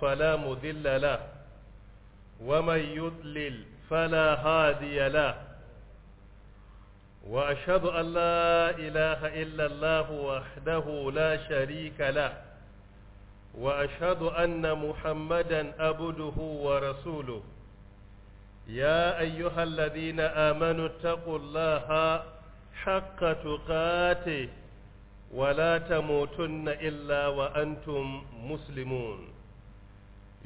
فلا مذل له ومن يضلل فلا هادي له وأشهد أن لا إله إلا الله وحده لا شريك له وأشهد أن محمدا أبده ورسوله يا أيها الذين آمنوا اتقوا الله حق تقاته ولا تموتن إلا وأنتم مسلمون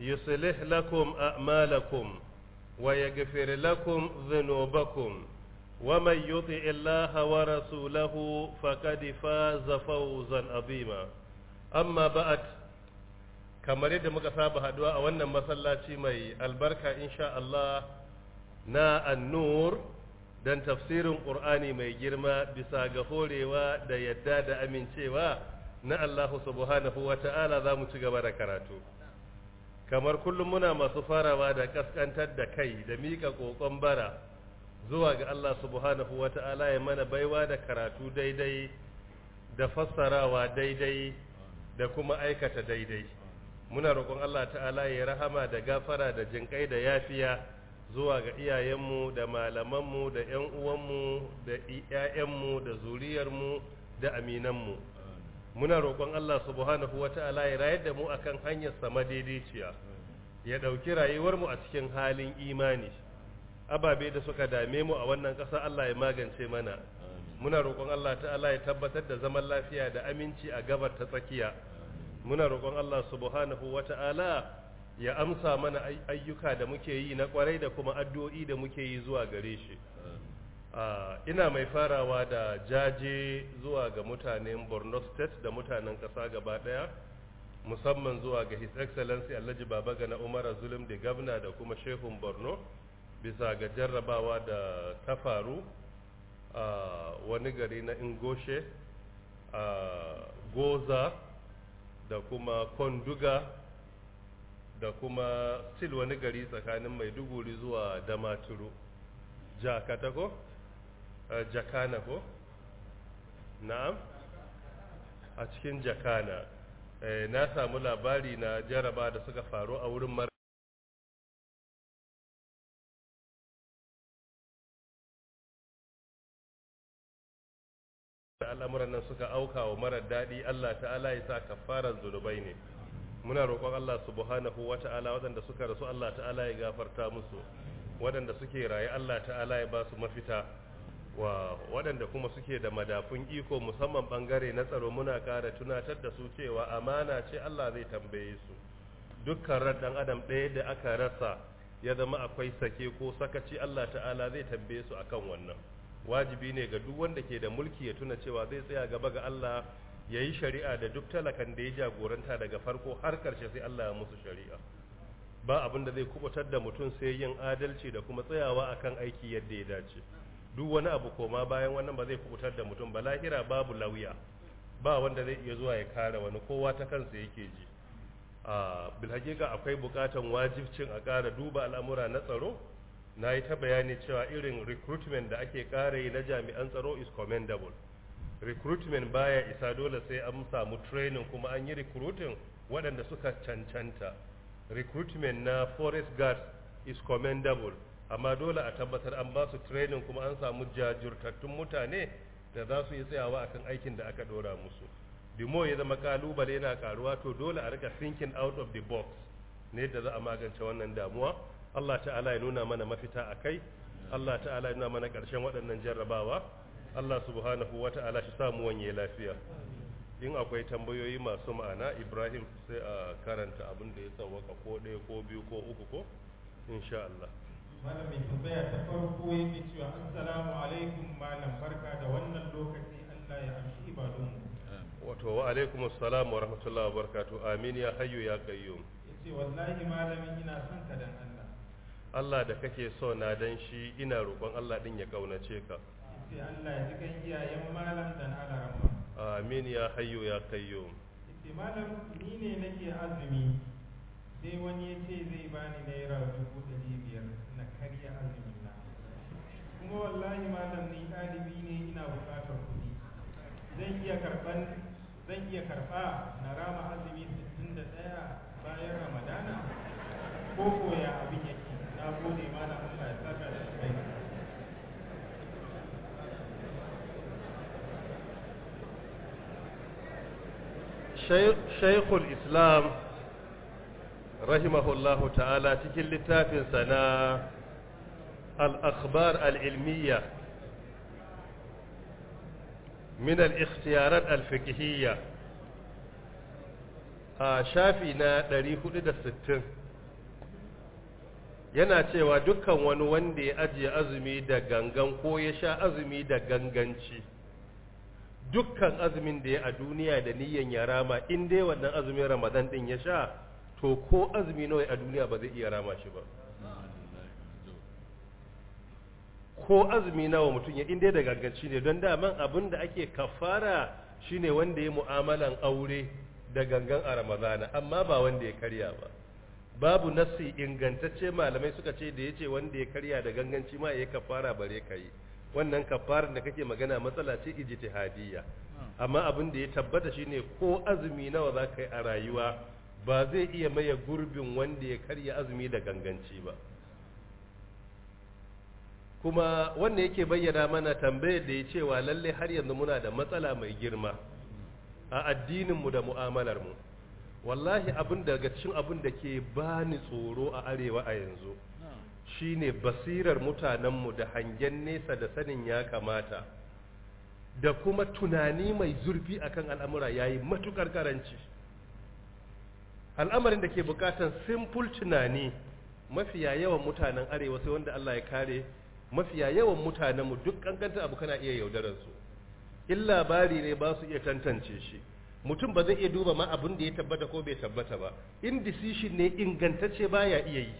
يصلح لكم أعمالكم ويغفر لكم ذنوبكم wamai يطع الله ورسوله فقد فاز فوزا عظيما أما بعد kamar yadda muka saba haɗuwa a wannan masallaci mai albarka insha Allah na annur don tafsirin ƙur'ani mai girma bisa ga horewa da yadda da amincewa na Allah subhanahu wa ta'ala za mu ci gaba da karatu. kamar kullum muna masu farawa da kaskantar da kai da miƙa ƙoƙon bara zuwa ga Allah subhanahu ta'ala ya mana baiwa da karatu daidai da fassarawa daidai da kuma aikata daidai muna roƙon Allah ta'ala ya rahama da gafara da jinƙai da yafiya zuwa ga iyayenmu da malamanmu da 'yan uwanmu da 'ya'yanmu da zuriyarmu da aminanmu muna roƙon Allah subhanahu ta'ala ya rayar da mu akan hanyar sama daidaiciya ya ɗauki rayuwar mu a cikin halin imani ababe da suka dame mu a wannan ƙasa Allah ya magance mana muna roƙon Allah ta'ala ya tabbatar da zaman lafiya da aminci a gabar ta tsakiya muna roƙon Allah subhanahu ta'ala ya amsa mana ayyuka da muke yi na kwarai da kuma addu'o'i da muke yi zuwa gare shi Ah, ina mai farawa da jaje zuwa ga mutanen borno state da mutanen ƙasa gaba ɗaya musamman zuwa ga his excellency alhaji ga na umara zulum da gabna da kuma shehun borno bisa ga jarrabawa da ta faru a ah, wani gari na ingoshe a ah, goza da kuma konduga da kuma still wani gari tsakanin maiduguri zuwa damaturu jakatako Eh, jakana ko na'am a cikin jakana eh, na samu labari na jaraba da suka faru a wurin mara al'amuran nan suka auka wa marar daɗi Allah ta'ala ya sa kafarar zunubai ne muna roƙon Allah subhanahu wa ta'ala waɗanda suka rasu Allah ta'ala ya gafarta musu waɗanda suke raye Allah ta'ala ya ba su mafita wa waɗanda kuma suke da madafun iko musamman ɓangare na tsaro muna ƙara tunatar da su cewa amana ce Allah zai tambaye su dukkan ran ɗan adam ɗaya da aka rasa ya zama akwai sake ko sakaci Allah ta'ala zai tambaye su akan wannan wajibi ne ga duk wanda ke da mulki ya tuna cewa zai tsaya gaba ga Allah ya yi shari'a da duk talakan da ya jagoranta daga farko har ƙarshe sai Allah ya musu shari'a ba abin da zai kubutar da mutum sai yin adalci da kuma tsayawa akan aiki yadda ya dace duk wani abu koma bayan wannan ba zai kubutar da mutum ba lahira babu lauya ba wanda zai iya zuwa ya kare wani kowa ta kansa yake ji a hakika akwai bukatan wajibcin a kara duba al'amura na tsaro na yi ta bayani cewa irin recruitment da ake ƙara na jami'an tsaro is commendable recruitment baya isa dole sai an samu training kuma an yi recruiting waɗanda suka cancanta recruitment na forest guard is commendable amma dole a tabbatar an ba su training kuma an samu jajirtattun mutane da za su yi tsayawa akan aikin da aka dora musu bimo ya zama kalubale yana karuwa to dole a rika thinking out of the box ne da za a magance wannan damuwa Allah ta'ala ya nuna mana mafita a kai Allah ta'ala ya nuna mana ƙarshen waɗannan jarrabawa Allah subhanahu wa ta'ala shi samu wanye lafiya in akwai tambayoyi masu ma'ana Ibrahim sai a karanta abin da ya tsawaka ko ɗaya ko biyu ko uku ko insha Allah mana mai tambaya ta farko yake cewa assalamu alaikum malam barka da wannan lokaci Allah ya amshi ibadunmu wato wa alaikum assalam wa rahmatullahi wa barakatuh amin ya hayyu ya qayyum yace wallahi malamin ina son ka dan Allah Allah da kake so na dan shi ina roƙon Allah din ya kaunace ka yace Allah ya jikan iyayen malam dan alarama amin ya hayyu ya qayyum yace malam ni ne nake azumi sai wani ya ce zai bani naira dubu ɗari biyar karya azumi na kuma wallahi malam ni ɗalibi ne ina buƙatar kuɗi zan iya karɓan zan iya karɓa na rama azumi 61 bayan ramadana ko koya abin yake na gode malam Allah ya saka da alkhairi shaikul islam rahimahullahu ta'ala cikin littafinsa na الأخبار العلمية من الاختيارات الفقهية شافينا لدى sittin yana cewa dukkan wani wanda ya ajiye azumi da gangan ko ya sha azumi da ganganci dukkan azumin da ya a duniya da niyyan ya rama in dai wannan azumin ramadan din ya sha to ko azumi nawa a duniya ba zai iya rama shi ba ko azumi nawa mutum ya inda da gaggaci ne don daman abin da ake kafara shine wanda ya mu'amalan aure da gangan a ramadana amma ba wanda ya karya ba babu nasi ingantacce malamai suka ce da ya ce wanda ya karya da ganganci ma ya kafara bare ka yi wannan kafarar da kake magana matsala ce ijtihadiyya amma abin da ya tabbata shine ko azumi nawa za ka yi a rayuwa ba zai iya maye gurbin wanda ya karya azumi da ganganci ba kuma wanda yake bayyana mana tambayar da ya cewa lalle har yanzu muna da matsala mai girma a addininmu da mu'amalarmu wallahi abin daga cikin abin da ke bani tsoro a arewa a yanzu shine basirar mutanenmu da hangen nesa da sanin ya kamata da kuma tunani mai zurfi akan al'amura yayi matukar karanci al'amarin da ke bukatan simple tunani mafiya yawan mutanen arewa sai wanda Allah ya kare mafiya yawan mutanenmu duk kankanta abu kana iya yaudarar su in labari ne ba su iya tantance shi mutum ba zai iya duba ma abin da ya tabbata ko bai tabbata ba indecision ne ingantacce baya iya yi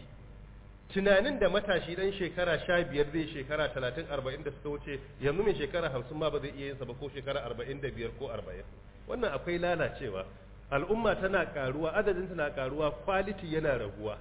tunanin da matashi dan shekara sha biyar zai shekara talatin arba'in da suka wuce yanzu mai shekara hamsin ma ba zai iya yinsa ba ko shekara arba'in da biyar ko arba'in wannan akwai lalacewa al'umma tana karuwa adadin tana karuwa kwaliti yana raguwa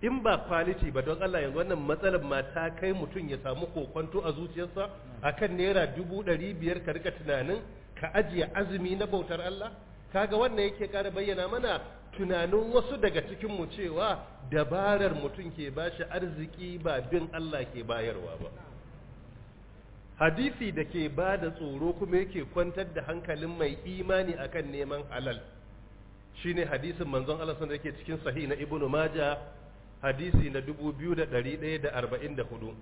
in ba quality ba don Allah yanzu wannan matsalar ma ta kai mutum ya samu kokonto a zuciyarsa akan naira dubu ɗari biyar ka rika tunanin ka ajiye azumi na bautar Allah kaga wannan yake ƙara bayyana mana tunanin wasu daga cikin mu cewa dabarar mutum ke ba shi arziki ba bin Allah ke bayarwa ba hadisi da ke ba da tsoro kuma yake kwantar da hankalin mai imani akan neman halal shine hadisin manzon Allah sun yake cikin sahih na ibnu Majah hadisi na 2144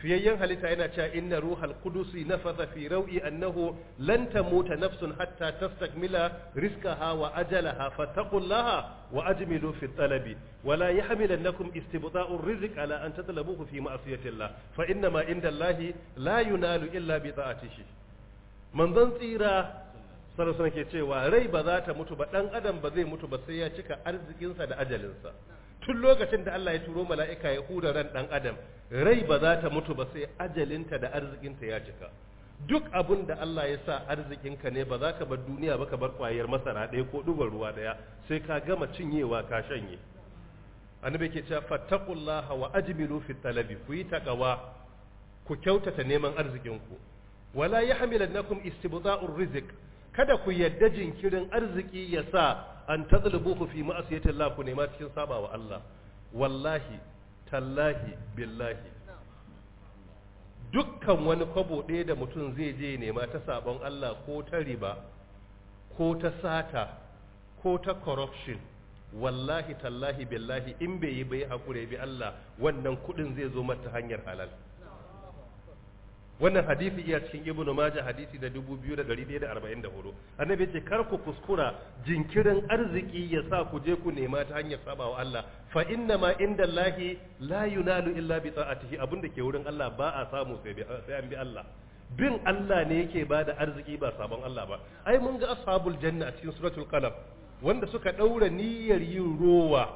fiyayyen halitta yana cewa inna ruhal qudusi nafatha fi rawi annahu lan tamuta nafsun hatta tastakmila rizqaha wa ajalaha fattaqullaha wa ajmilu fi talabi wa la yahmilannakum istibta'ur rizq ala an tatlabuhu fi ma'siyatillah fa inna ma indallahi la yunalu illa bi ta'atihi manzon tsira sallallahu alaihi ke cewa rai ba za ta mutu ba dan adam ba zai mutu ba sai ya cika arzikinsa da ajalinsa tun lokacin da Allah ya turo mala'ika ya hura ran ɗan adam rai ba za ta mutu ba sai ajalinta da arzikinta ya cika duk abin da Allah ya sa arzikinka ne ba za ka bar duniya ba ka bar kwayar masara ɗaya ko ɗubar ruwa ɗaya sai ka gama cinyewa ka shanye annabi ke cewa fattaqullaha wa ajmilu fi talabi ku yi takawa ku kyautata neman arzikinku wala yahmilannakum istibda'ur rizq kada ku yadda jinkirin arziki ya sa an tazlubuhu fi ma'asiyati Allah ku nema cikin saba wa Allah wallahi tallahi billahi dukkan wani kwabo ɗaya da mutum zai je nema ta sabon Allah ko ta riba ko ta sata ko ta corruption wallahi tallahi billahi in bai yi bai hakuri bi Allah wannan kudin zai zo mata hanyar halal wannan hadisi iya cikin ibnu majah hadisi da 2144 annabi ya ce kar ku kuskura jinkirin arziki ya sa ku je ku nema ta hanyar sabawa Allah fa inna ma indallahi la yunalu illa bi ta'atihi abinda ke wurin Allah ba a samu sai an bi Allah bin Allah ne yake bada arziki ba sabon Allah ba ai mun ga ashabul janna a cikin suratul qalam wanda suka daura niyyar yin rowa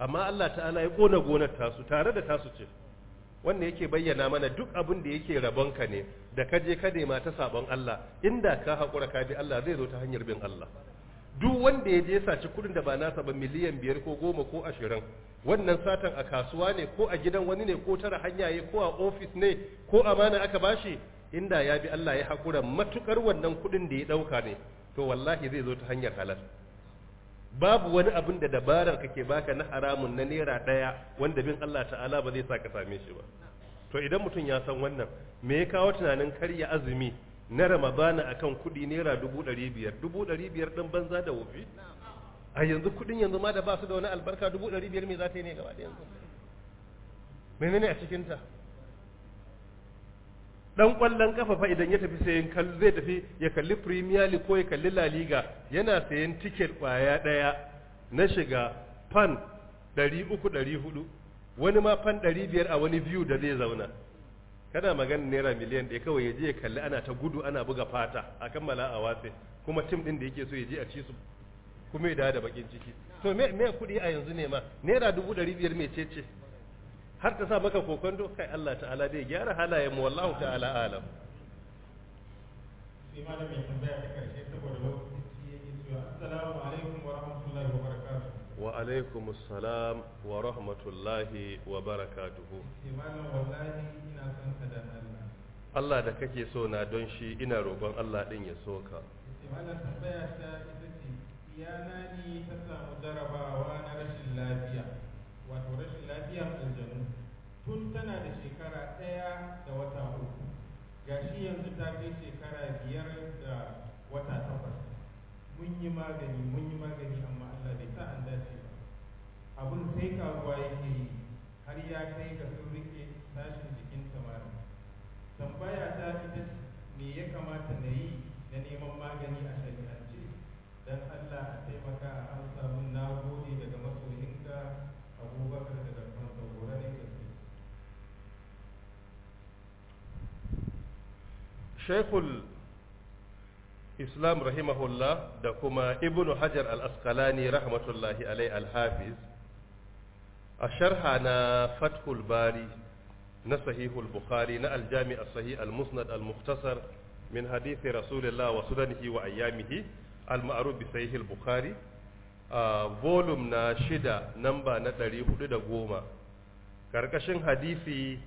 amma Allah ta'ala ya kona gonar tasu tare da tasu ce wanda yake bayyana mana duk abin da yake rabon ka ne da ka je ka nema ta sabon Allah inda ka haƙura ka bi Allah zai zo ta hanyar bin Allah duk wanda ya je ya saci kuɗin da ba nasa ba miliyan biyar ko goma ko ashirin wannan satan a kasuwa ne ko a gidan wani ne ko tara hanyaye ko a ofis ne ko amana aka bashi inda ya bi Allah ya haƙura matukar wannan kuɗin da ya ɗauka ne to wallahi zai zo ta hanyar halal babu wani abin da dabarar kake baka na haramun na naira ɗaya wanda bin Allah ta'ala ba zai sa ka same shi ba to idan mutum ya san wannan me ya kawo tunanin karya azumi na ramadana akan kuɗi naira dubu ɗari biyar dubu ɗari biyar ɗin banza da wofi a yanzu kuɗin yanzu ma da ba su da wani albarka dubu ɗari biyar me za ta yi ne gaba da yanzu menene a cikinta dan kwallon kafa fa idan ya tafi sayan kal zai tafi ya kalli premier league ko ya kalli la liga yana sayan ticket kwaya daya na shiga fan 300 400 wani ma fan 500 a wani view da zai zauna kana magana naira miliyan da ya kawai ya je ya kalli ana ta gudu ana buga fata a kammala a watse kuma tim ɗin da yake so ya je a ci su kuma ya da bakin ciki to me kuɗi a yanzu ne ma naira dubu ɗari biyar ce har ta sa maka kokon kai Allah ta'ala dai gyara halayen mu wallahu ta'ala alam sai malamin tambaya ta karshe saboda lokaci yake cewa assalamu alaikum wa rahmatullahi wa barakatuh wa alaikum assalam wa rahmatullahi wa barakatuhu imanin wallahi ina son ka da Allah Allah da kake so na don shi ina roƙon Allah din ya so ka Sai imanin tambaya ta ita ce iyana ne ta samu jarabawa na rashin lafiya wato rashin lafiya aljanu tun tana da shekara ɗaya da wata uku gashi yanzu ta kai shekara biyar da wata takwas mun yi magani mun yi magani amma Allah bai sa an dace ba abin sai karuwa yake yi har ya kai ga sun rike tashin jikin tamari tambaya ta ita ce me ya kamata na yi na neman magani a shari'ance don Allah a taimaka a an samu na gode daga masoyinka abubakar daga kan saurare shekul islam rahimahullah da kuma ibnu hajar al-asqalani rahmatullahi alai al-hafiz a sharha na fathul bari na sahihul bukhari na aljami as-sahih al-musnad al-mukhtasar min hadithi rasulillah wa sunanihi wa ayyamihi al-ma'ruf bi sahih bukhari volume na shida namba na 410 karkashin hadisi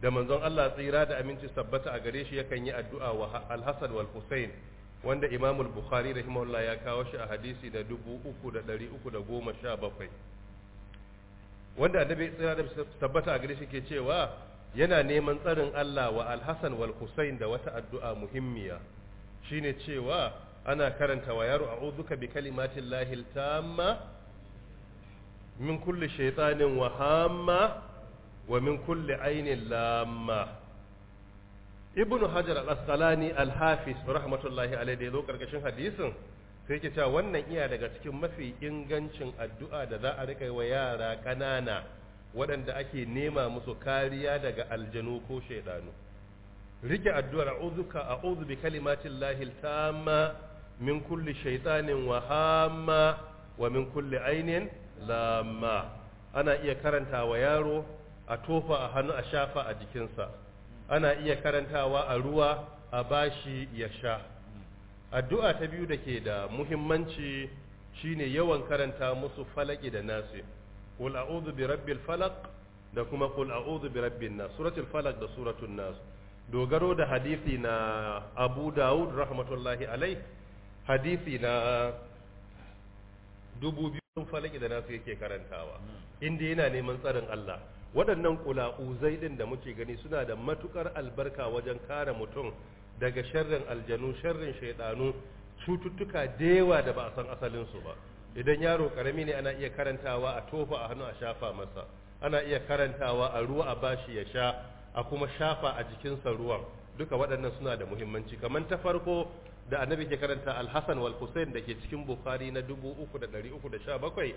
da manzon Allah tsira da aminci tabbata a gare shi yakan yi addu'a wa Al-Hasan wal Hussein wanda Imam al-Bukhari rahimahullah ya kawo shi a hadisi da 3317 wanda annabi tsira da tabbata a gare shi ke cewa yana neman tsarin Allah wa Al-Hasan wal Hussein da wata addu'a muhimmiya shine cewa ana karanta wa yaro a'udhuka bi kalimatillahi tamma min kulli shaytanin wa hamma wa min kulli ainin lamma ibn hajar al-asqalani al-hafiz rahmatullahi alaihi da yazo karkashin hadisin sai ke cewa wannan iya daga cikin mafi ingancin addu'a da za a rika wa yara ƙanana waɗanda ake nema musu kariya daga aljanu ko shaidanu rike addu'ar a'udhuka a bi kalimatin lahil tamma min kulli shaitanin wahama wa min kulli ainin lama ana iya karanta wa yaro a tofa a hannu a shafa a jikinsa ana iya karantawa a ruwa a bashi ya sha addu'a ta biyu da ke da muhimmanci shine yawan karanta musu falaki da nasi Kul a'udhu bi rabbil falaq da kuma kul a'udhu bi rabbin nas suratul falaq da suratul nas dogaro da hadisi na Abu Dawud rahmatullahi alai hadisi na dubu biyu falaki da nasu yake karantawa inda yana neman tsarin Allah waɗannan kula'uzai ɗin da muke gani suna da matuƙar albarka wajen kare mutum daga sharrin aljanu sharrin shaiɗanu cututtuka da yawa da ba a san asalinsu ba idan yaro karami ne ana iya karantawa a tofa a hannu a shafa masa ana iya karantawa a ruwa a bashi ya sha a kuma shafa a jikinsa ruwan duka waɗannan suna da muhimmanci kamar ta farko da annabi ke karanta alhassan wal husain da ke cikin bukhari na 3317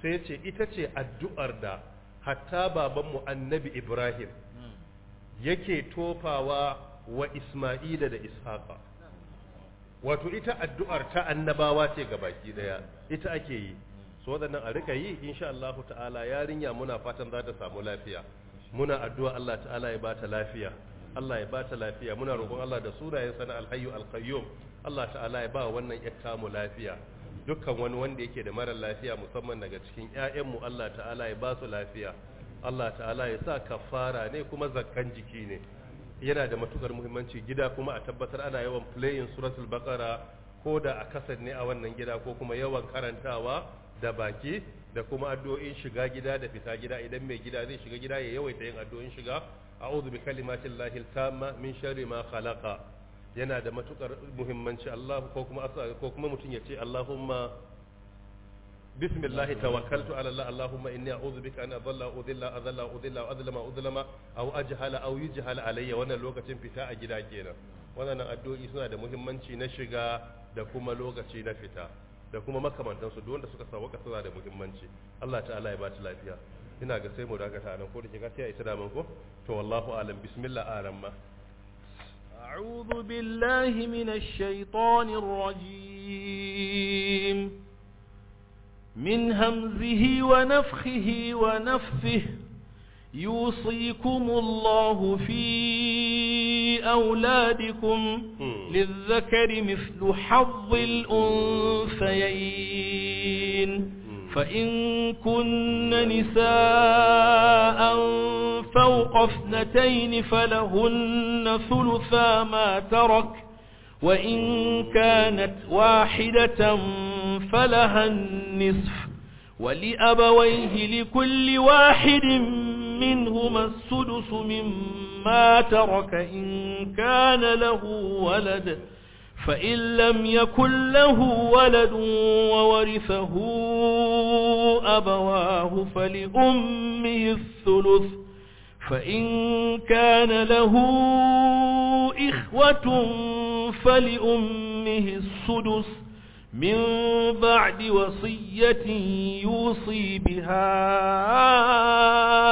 sai ce ita ce addu'ar da hatta babanmu annabi ibrahim yake tofawa wa isma'ila da ishaqa wato ita addu'ar ta annabawa ce ga baki daya ita ake yi so waɗannan a rika yi insha Allah ta'ala yarinya muna fatan za ta samu lafiya muna addu'a Allah ta'ala ya bata lafiya Allah ya bata lafiya muna roƙon Allah da sunayensa na alhayyu alqayyum Allah ta'ala ya ba wannan 'yatta mu lafiya dukkan wani wanda yake da mara lafiya musamman daga cikin yayanmu Allah ta'ala ya ba su lafiya Allah ta'ala ya sa kafara ne kuma zakkan jiki ne yana da matukar muhimmanci gida kuma a tabbatar ana yawan playing suratul baqara ko da a kasar ne a wannan gida ko kuma yawan karantawa da baki da kuma addu'o'in shiga gida da fita gida idan mai gida zai shiga gida ya yawaita yin addu'o'in shiga a'udhu bi kalimatillahi tamma min sharri ma khalaqa yana da matukar muhimmanci Allah ko kuma ko kuma mutum ya ce Allahumma bismillah tawakkaltu ala Allah Allahumma inni a'udhu bika an adalla udilla adalla udilla adlama udlama aw ajhala aw yujhala alayya wannan lokacin fita a gida kenan wannan addu'o'i suna da muhimmanci na shiga da kuma lokaci na fita da kuma makamantansu duk wanda suka sawaka suna da muhimmanci Allah ta'ala ya ba ta lafiya ina ga sai mu dakata nan ko da ke ga sai a ko to wallahu alam bismillah aramma ma أعوذ بالله من الشيطان الرجيم من همزه ونفخه ونفثه يوصيكم الله في أولادكم للذكر مثل حظ الأنثيين فإن كن نساء فوق اثنتين فلهن ثلثا ما ترك وإن كانت واحدة فلها النصف ولأبويه لكل واحد منهما السدس مما ترك إن كان له ولد فإن لم يكن له ولد وورثه أبواه فلأمه الثلث فإن كان له إخوة فلأمه السدس من بعد وصية يوصي بها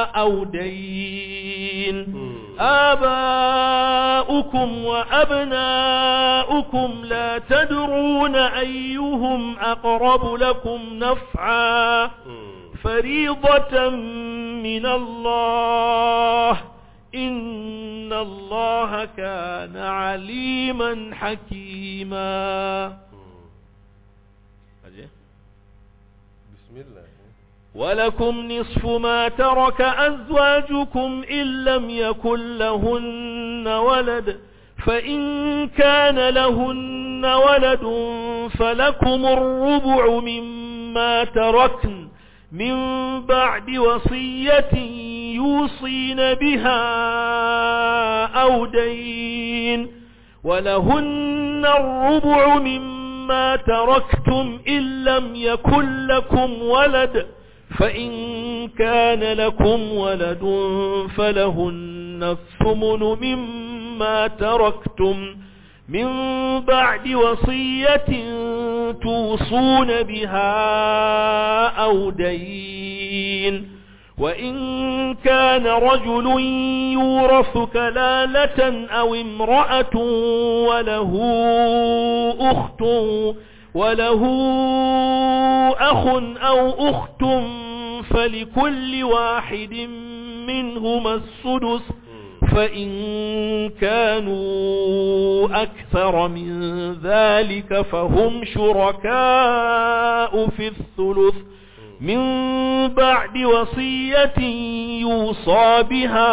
أو دين آباؤكم وأبناؤكم لا تدرون أيهم أقرب لكم نفعا فريضة من الله إن الله كان عليما حكيما بسم الله ولكم نصف ما ترك أزواجكم إن لم يكن لهن ولد فإن كان لهن ولد فلكم الربع مما تركن من بعد وصية يوصين بها أو دين ولهن الربع مما تركتم إن لم يكن لكم ولد فإن كان لكم ولد فلهن الثمن مما تركتم من بعد وصية توصون بها أو دين وإن كان رجل يورث كلالة أو امرأة وله أخت وله أخ أو أخت فلكل واحد منهما السدس فإن كانوا أكثر من ذلك فهم شركاء في الثلث من بعد وصية يوصى بها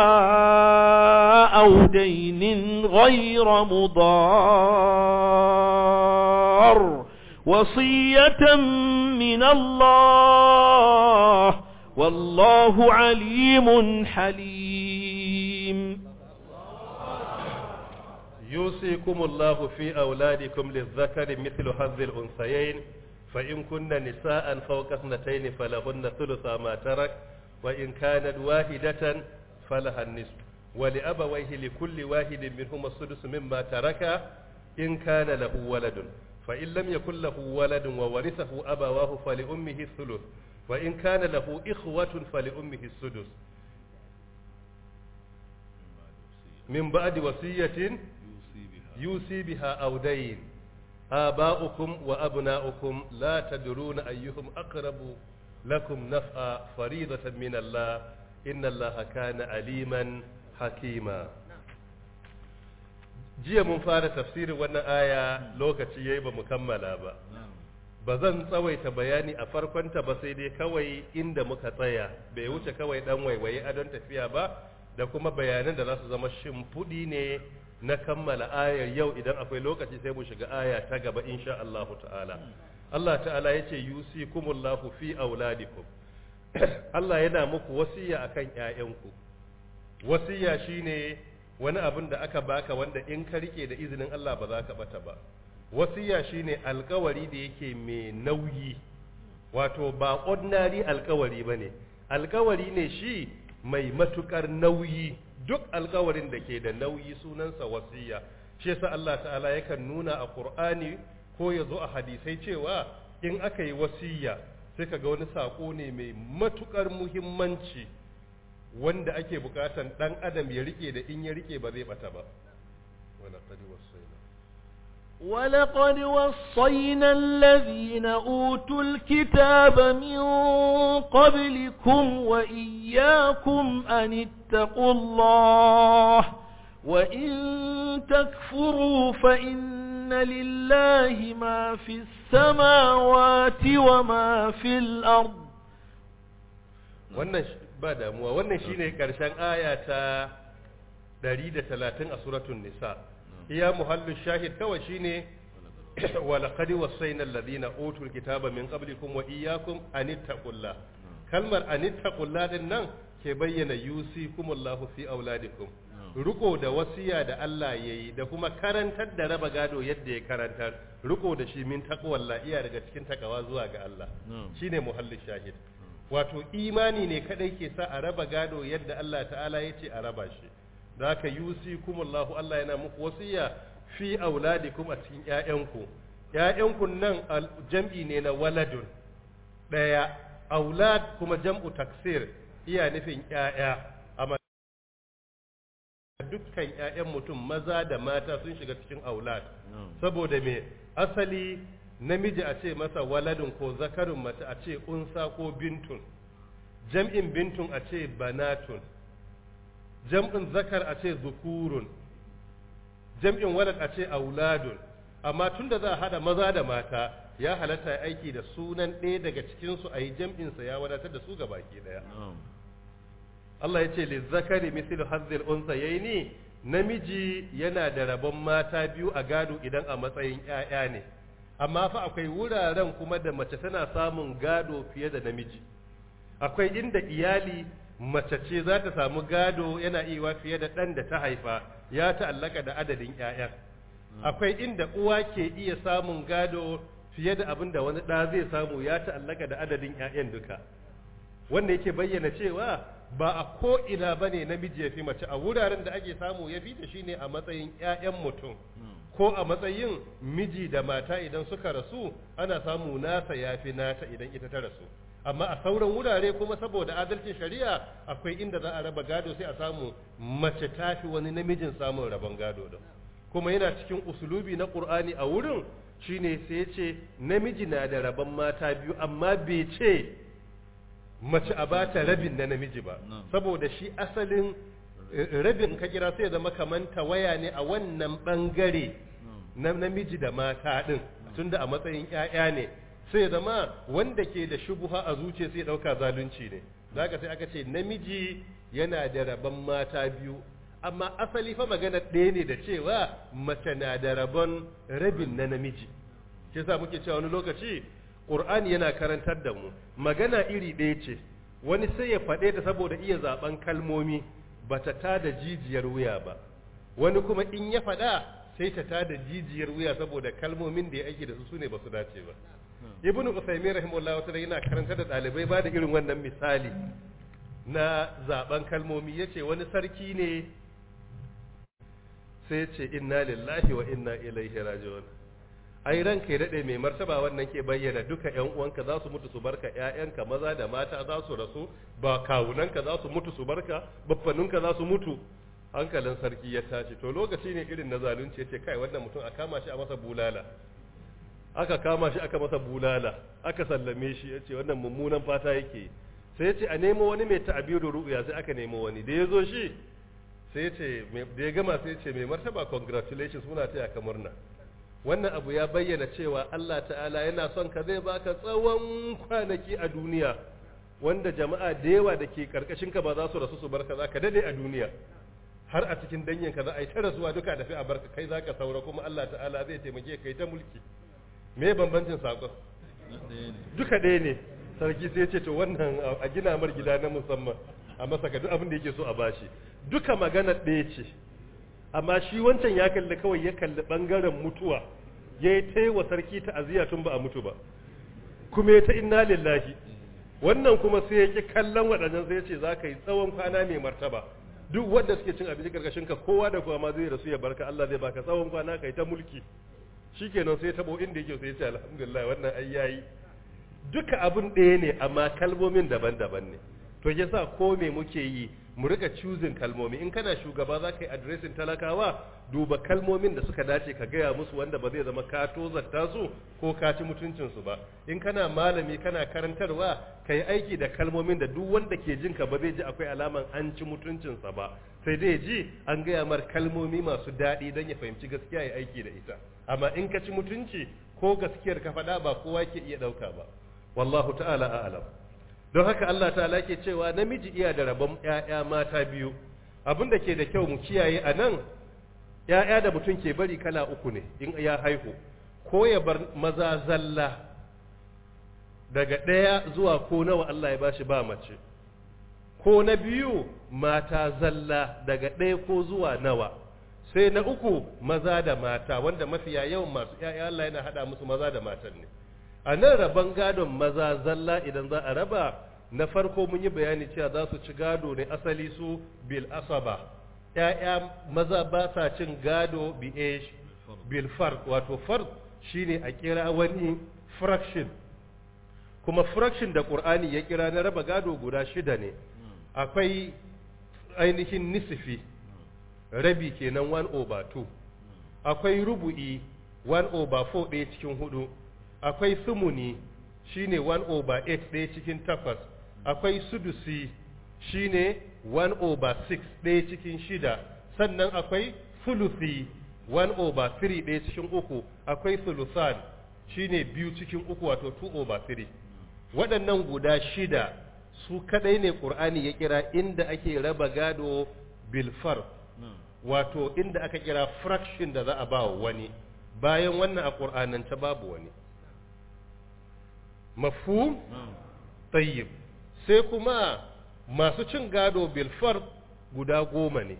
أو دين غير مضار وصية من الله والله عليم حليم يوصيكم الله في أولادكم للذكر مثل حظ الأنثيين فإن كن نساء فوق اثنتين فلهن ثلث ما ترك وإن كانت واحدة فلها النصف ولأبويه لكل واحد منهما السدس مما ترك إن كان له ولد fa in lam yakul lahu waladun wa warithahu abawahu fali ummihi thuluth wa in kana lahu ikhwatun fali ummihi sudus min ba'di wasiyatin yusi biha aw dayn aba'ukum wa abna'ukum la tadruna ayyuhum aqrabu lakum naf'a faridatan min Allah inna Allah kana aliman hakima jiya mun fara tafsirin wannan aya lokaci yayi ba mu kammala ba ba zan tsawaita bayani a farkonta ba sai dai kawai inda muka tsaya bai wuce kawai dan waiwaye don tafiya ba da kuma bayanan da za su zama shimfiɗi ne na kammala ayar yau idan akwai lokaci sai mu shiga aya ta gaba insha Allah ta'ala Allah ta'ala yace yusikumullahu fi auladikum Allah yana muku wasiya akan ƴaƴanku wasiya shine wani abin da aka baka wanda in ka rike da izinin Allah ba za ka bata ba wasiya shine alkawari da yake mai nauyi wato ba ordinary alkawari bane alkawari ne shi mai matukar nauyi duk alkawarin da ke da nauyi sunansa wasiya shi yasa Allah ta'ala yakan nuna a Qur'ani ko ya zo a hadisai cewa in aka yi wasiya sai ka ga wani sako ne mai matukar muhimmanci wanda ake bukatan ɗan adam ya rike da in ya rike ba zai bata ba walaqad wasayna walaqad wasayna alladhina utul kitaba min qablikum wa iyyakum an ittaqullah wa in takfuru fa inna lillahi ma fis wa ma fil ba damuwa wannan shine karshen aya ta 130 a suratul nisa iya muhallu shahid kawai shine walaqad wasayna alladhina utul kitaba min qablikum wa iyyakum an kalmar an da din nan ke bayyana yusikumullahu fi auladikum riko da wasiya da Allah yayi da kuma karantar da raba gado yadda ya karantar riko da shi min taqwallah iya daga cikin takawa zuwa ga Allah shine muhallu shahid wato imani ne kadai ke sa a raba gado yadda Allah ta'ala ya ce a raba shi da haka yusikumullahu Allah yana muku wasiya fi auladikum a cikin 'ya'yanku 'ya'yanku nan jam'i ne na waladun daya aulad kuma jam'u taksir iya nufin yaya amma dukkan 'ya'yan mutum maza da mata sun shiga cikin aulad saboda mai asali namiji a ce masa waladun ko zakarin mace a ce unsa ko bintun jam'in bintun a ce banatun jam'in zakar a ce zukurun jam'in walad a ce auladun amma tunda za a hada maza da mata ya halatta aiki da sunan ɗaya daga cikinsu a yi jam'insa ya wadatar da su ga baki ɗaya Allah ya ce Zakari misil hazil unsa yayi ni namiji yana da rabon mata biyu a gado idan a matsayin 'ya'ya ne amma fa akwai wuraren kuma da mace tana samun gado fiye da namiji akwai inda iyali mace ce za ta samu gado yana iya fiye da ɗan da ta haifa ya ta'allaka da adadin 'ya'yan akwai inda uwa ke iya samun gado fiye da abin da wani ɗa zai samu ya ta'allaka da adadin 'ya'yan duka wanda yake bayyana cewa ba a ko ina ne namiji ya fi mace a wuraren da ake samu ya fi shi shine a matsayin ƴaƴan mutum ko a matsayin miji da mata idan suka rasu ana samu nasa ya fi nata idan ita ta rasu amma a sauran wurare kuma saboda adalcin shari'a akwai inda za a raba gado sai a samu mace ta fi wani namijin samun rabon gado din kuma yana cikin usulubi na qur'ani a wurin shine sai ya ce namiji na da rabon mata biyu amma bai ce mace a ba ta rabin na namiji ba saboda shi asalin eh, eh, rabin ka kira sai zama kaman waya ne a wannan bangare na namiji da mata din tunda a matsayin ƴaƴa ne sai zama wanda ke da shubuha a zuciya sai ɗauka zalunci ne zaka sai aka ce namiji yana da rabon mata biyu amma asali fa magana ɗaya ne da cewa mace na da rabon rabin na namiji ke sa muke cewa wani lokaci Qur'ani yana karantar da mu magana iri ɗaya ce wani sai ya faɗe ta saboda iya zaben kalmomi ba ta tada jijiyar wuya ba wani kuma in ya faɗa sai ta tada jijiyar wuya saboda kalmomin da ya aiki da su sune ba su dace ba ibnu usaymin rahimahullahu ta'ala yana karantar da ɗalibai ba da irin wannan misali na zaben kalmomi yace wani sarki ne sai ce inna lillahi wa inna ilaihi raji'un ai ran ke dade mai martaba wannan ke bayyana duka ƴan uwanka za su mutu su barka ƴaƴanka maza da mata za su rasu ba kawunanka za su mutu su barka baffaninka za su mutu hankalin sarki ya tashi to lokaci ne irin na zalunci yace kai wannan mutum a kama shi a masa bulala aka kama shi aka masa bulala aka sallame shi yace wannan mummunan fata yake sai yace a nemo wani mai ta'abiru ru'ya sai aka nemo wani da yazo shi sai yace da ya gama sai yace mai martaba congratulations muna taya ka murna wannan abu ya bayyana cewa Allah ta'ala yana son ka zai baka tsawon kwanaki a duniya wanda jama'a da yawa da ke karkashin ka ba za su rasu su barka za ka dade a duniya har a cikin danyen ka za a yi ta rasuwa duka tafi a barka kai za ka saura kuma Allah ta'ala zai taimake kai ta mulki me bambancin saƙon duka ɗaya ne sarki sai ce to wannan a gina mar gida na musamman a masa ka duk abin da yake so a bashi duka magana ɗaya ce amma shi wancan ya kalli kawai ya kalli bangaren mutuwa ya yi ta yi wa sarki ta'aziyya tun ba a mutu ba kuma ya ta inna lillahi wannan kuma sai ya ki kallon waɗannan sai ya ce za ka yi tsawon kwana mai martaba duk wanda suke cin abinci karkashin ka kowa da kowa ma zai rasu ya barka Allah zai baka tsawon kwana ka kai ta mulki shikenan sai tabo inda yake sai ya ce alhamdulillah wannan ai yayi duka abun ɗaya ne amma kalmomin daban-daban ne to yasa ko me muke yi mu rika cuzin kalmomi in kana shugaba za ka yi adiresin talakawa duba kalmomin da suka dace ka gaya musu wanda ba zai zama ka tozarta su ko ka ci mutuncinsu ba in kana malami kana karantarwa ka yi aiki da kalmomin da duk wanda ke jin ka ba zai ji akwai alaman an ci mutuncinsa ba sai dai ji an gaya mar kalmomi masu daɗi don ya fahimci gaskiya ya aiki da ita amma in ka ci mutunci ko gaskiyar ka faɗa ba kowa ke iya ɗauka ba wallahu ta'ala a'lam don haka Allah ta alake cewa namiji iya da rabon yaya mata biyu abin da ke da kyau mu kiyaye a nan yaya da mutum ke bari kala uku ne in ya haihu ko ya bar maza zalla daga ɗaya zuwa ko nawa Allah ya bashi ba mace ko na biyu mata zalla daga ɗaya ko zuwa nawa sai na uku maza da mata wanda mafiya yawan masu ƴaƴa Allah yana haɗa musu maza da matan ne a nan rabon gadon maza zalla idan za a raba na farko mun yi bayani cewa za su ci gado ne asali su bil asaba ‘ya'ya maza ba sa cin gado eh, bil fard wato fard shine a kira wani fraction kuma fraction da qur'ani ya kira na raba gado guda shida ne akwai ainihin nisifi rabi kenan 1 over 2 akwai rubu'i 1 over 4 ɗaya cikin hudu akwai sumuni shine 1 over 8 ɗaya cikin takwas akwai sudusi shine 1 over 6 ɗaya cikin shida sannan akwai sulusi 1 over 3 ɗaya cikin uku akwai sulusan shine biyu cikin uku wato 2 over 3 waɗannan guda shida su kaɗai ne ƙur'ani ya kira inda ake raba gado bilfar wato inda aka kira fraction da za a ba wani bayan wannan a ƙur'anance babu wani mafhum tayyib sai kuma masu cin gado bilfar guda goma ne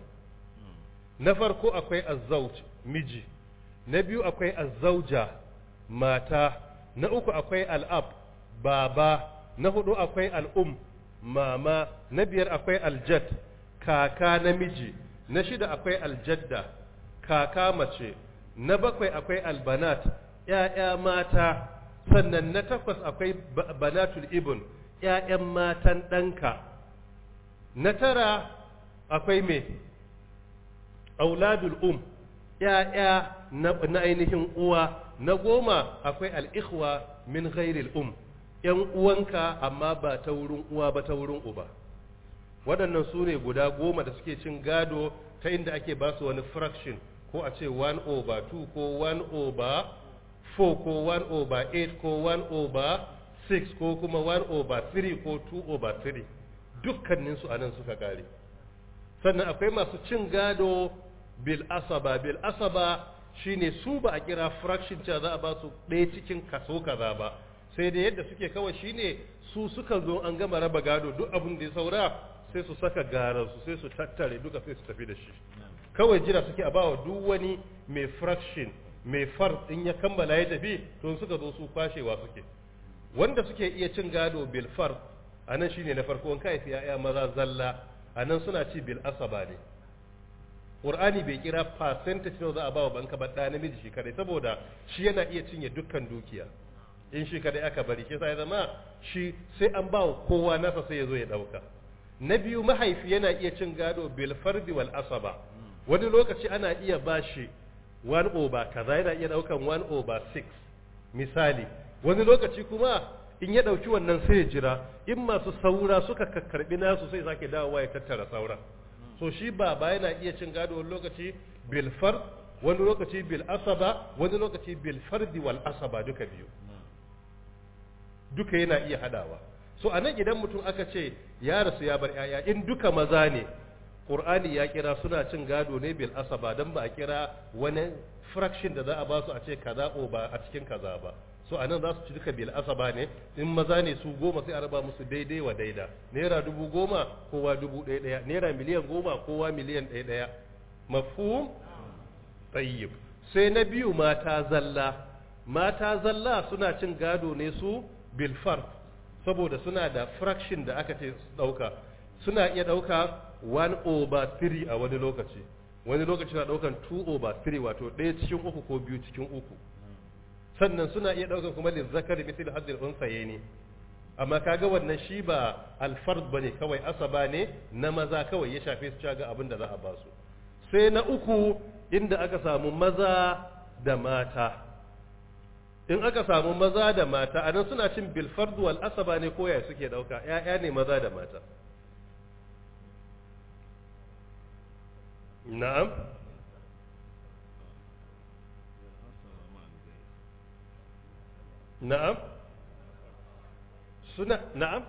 na farko akwai azzauj miji na biyu akwai azzauja mata na uku akwai al'ab baba na hudu akwai al'um mama na biyar akwai aljad kaka namiji na shida akwai aljadda kaka mace na bakwai akwai albanat ‘ya'ya mata sannan na takwas akwai banatul ibn ‘ya'yan matan ɗanka na tara akwai mai auladul um ‘ya'ya na ainihin uwa na goma akwai al'ikwa min ghairil um ‘yan uwanka amma ba ta wurin uwa ba ta wurin uba waɗannan su ne guda goma da suke cin gado ta inda ake ba su wani fraction ko a ce 1 over 2 ko 1 over 4 ko 1 over 8 ko 1 over 6 ko kuma 1 over 3 ko 2 over 3 dukkanin su anan suka kare sannan akwai masu cin gado bil asaba bil asaba shine su ba a kira fraction cewa za a ba su ɗaya cikin kaso kaza ba sai dai yadda suke kawai shine su suka zo an gama raba gado duk abin da ya saura sai su saka garar su sai su tattare duka sai su tafi da shi kawai jira suke a bawa duk wani mai fraction mai far in ya kammala ya tafi to suka zo su kwashewa suke wanda suke iya cin gado bil far anan shine na farko in ka haifi ya'ya maza zalla anan suna ci bil asaba ne Qur'ani bai kira percentage nawa za a bawa banka ba da namiji shi kadai saboda shi yana iya cinye dukkan dukiya in shi kadai aka bari shi sai zama shi sai an bawa kowa nasa sai ya zo ya dauka na biyu mahaifi yana iya cin gado bil farbi wal asaba wani lokaci ana iya bashi 1 over kaza yana iya daukan 1 over 6 misali wani lokaci kuma in ya dauki wannan sai ya jira in masu saura suka karbi nasu sai sake dawowa ya tattara saura. so shi baba yana iya cin gado wani lokaci bil fard wani lokaci bil asaba wani lokaci bil fardi wal asaba duka biyu duka yana iya hadawa so anan idan mutum aka ce ya rasu ya bar yaya in duka maza ne qur'ani ya kira suna cin gado ne bil asaba dan ba a kira wani fraction da za a ba su a ce kaza o ba a cikin kaza ba so anan za su ci duka bil asaba ne in maza ne su goma sai a raba musu daidai wa daida naira dubu goma kowa dubu ɗaya ɗaya naira miliyan goma kowa miliyan ɗaya ɗaya mafhum tayyib sai na biyu mata zalla mata zalla suna cin gado ne su bil saboda suna da fraction da aka ce ɗauka suna iya ɗauka 1 over 3 a wani lokaci wani lokaci na daukan 2 over 3 wato ɗaya cikin uku ko biyu cikin uku sannan suna iya daukan kuma zakari misali haddil unsaye ne amma kaga wannan shi ba alfard bane kawai asaba ne na maza kawai ya shafe su ga abin da za a ba su sai na uku inda aka samu maza da mata in aka samu maza da mata anan suna cin bilfard wal asaba ne ko ya suke dauka ƴaƴa ne maza da mata na'am na'am suna na'am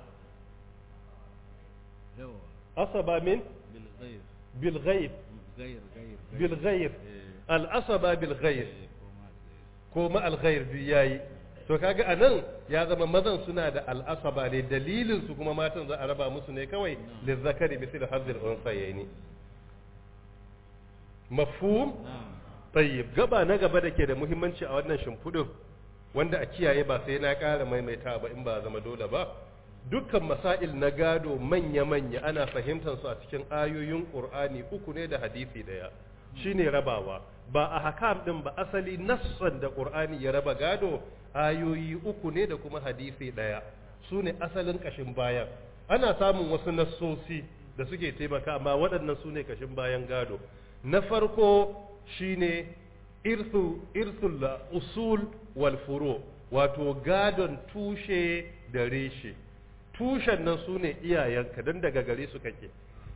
asaba min bilghayr bilghayr al'asaba bilghayr ko ma alghayr duk yayi to kaga a nan ya zama mazan suna da al'asaba ne dalilinsu kuma matan za a raba musu ne kawai lizzakari misali hazir unsayaini ne mafhum tayyib gaba na gaba da ke da muhimmanci a wannan shimfudin wanda a kiyaye ba sai na ƙara maimaita ba in ba zama dole ba dukkan masail na gado manya-manya ana fahimtar su a cikin ayoyin ƙur'ani uku ne da hadisi daya shine rabawa ba a hakam din ba asali nassan da ƙur'ani ya raba gado ayoyi uku ne da kuma hadisi daya su asalin ƙashin bayan ana samun wasu nassosi da suke taimaka amma waɗannan sune kashin bayan gado na farko shine irsu irsul usul wal furu wato gadon tushe da reshe tushen nan sune iyayenka dan daga gare su kake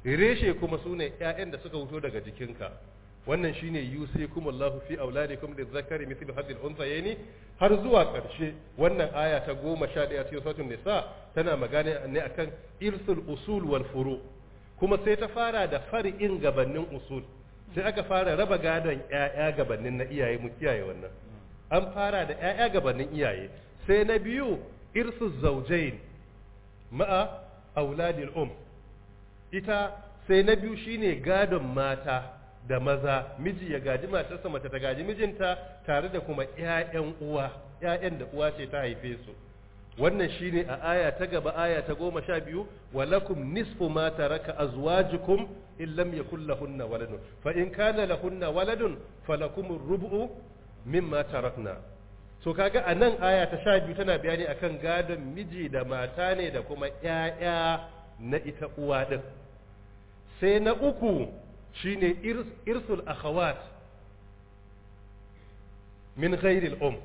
reshe kuma ne ƴaƴan da suka wuto daga jikinka wannan shine yusikumullahu fi auladikum lizakari mithlu hadhihi al-unthayni har zuwa karshe wannan aya ta 11 cikin suratul nisa tana magana ne akan irsul usul wal furu kuma sai ta fara da far'in gabanin usul sai aka fara raba gadon ƴaƴa gabanin na iyaye mu kiyaye wannan an fara da ƴaƴa gabanin iyaye sai na biyu irsu zaujain ma'a auladil um ita sai na biyu shine gadon mata da maza miji ya gaji matarsa mace ta gaji mijinta tare da kuma ƴaƴan uwa ƴaƴan da uwa ce ta haife su wannan shine a aya ta gaba aya ta goma sha biyu walakum nisfu ma taraka azwajukum in lam yakul lahunna waladun fa in kana lahunna waladun falakum rubu'u mimma tarakna so kaga a nan aya ta sha biyu tana bayani akan gadon miji da mata ne da kuma ƴaƴa na ita uwa din sai na uku shine irsul akhawat min ghairil um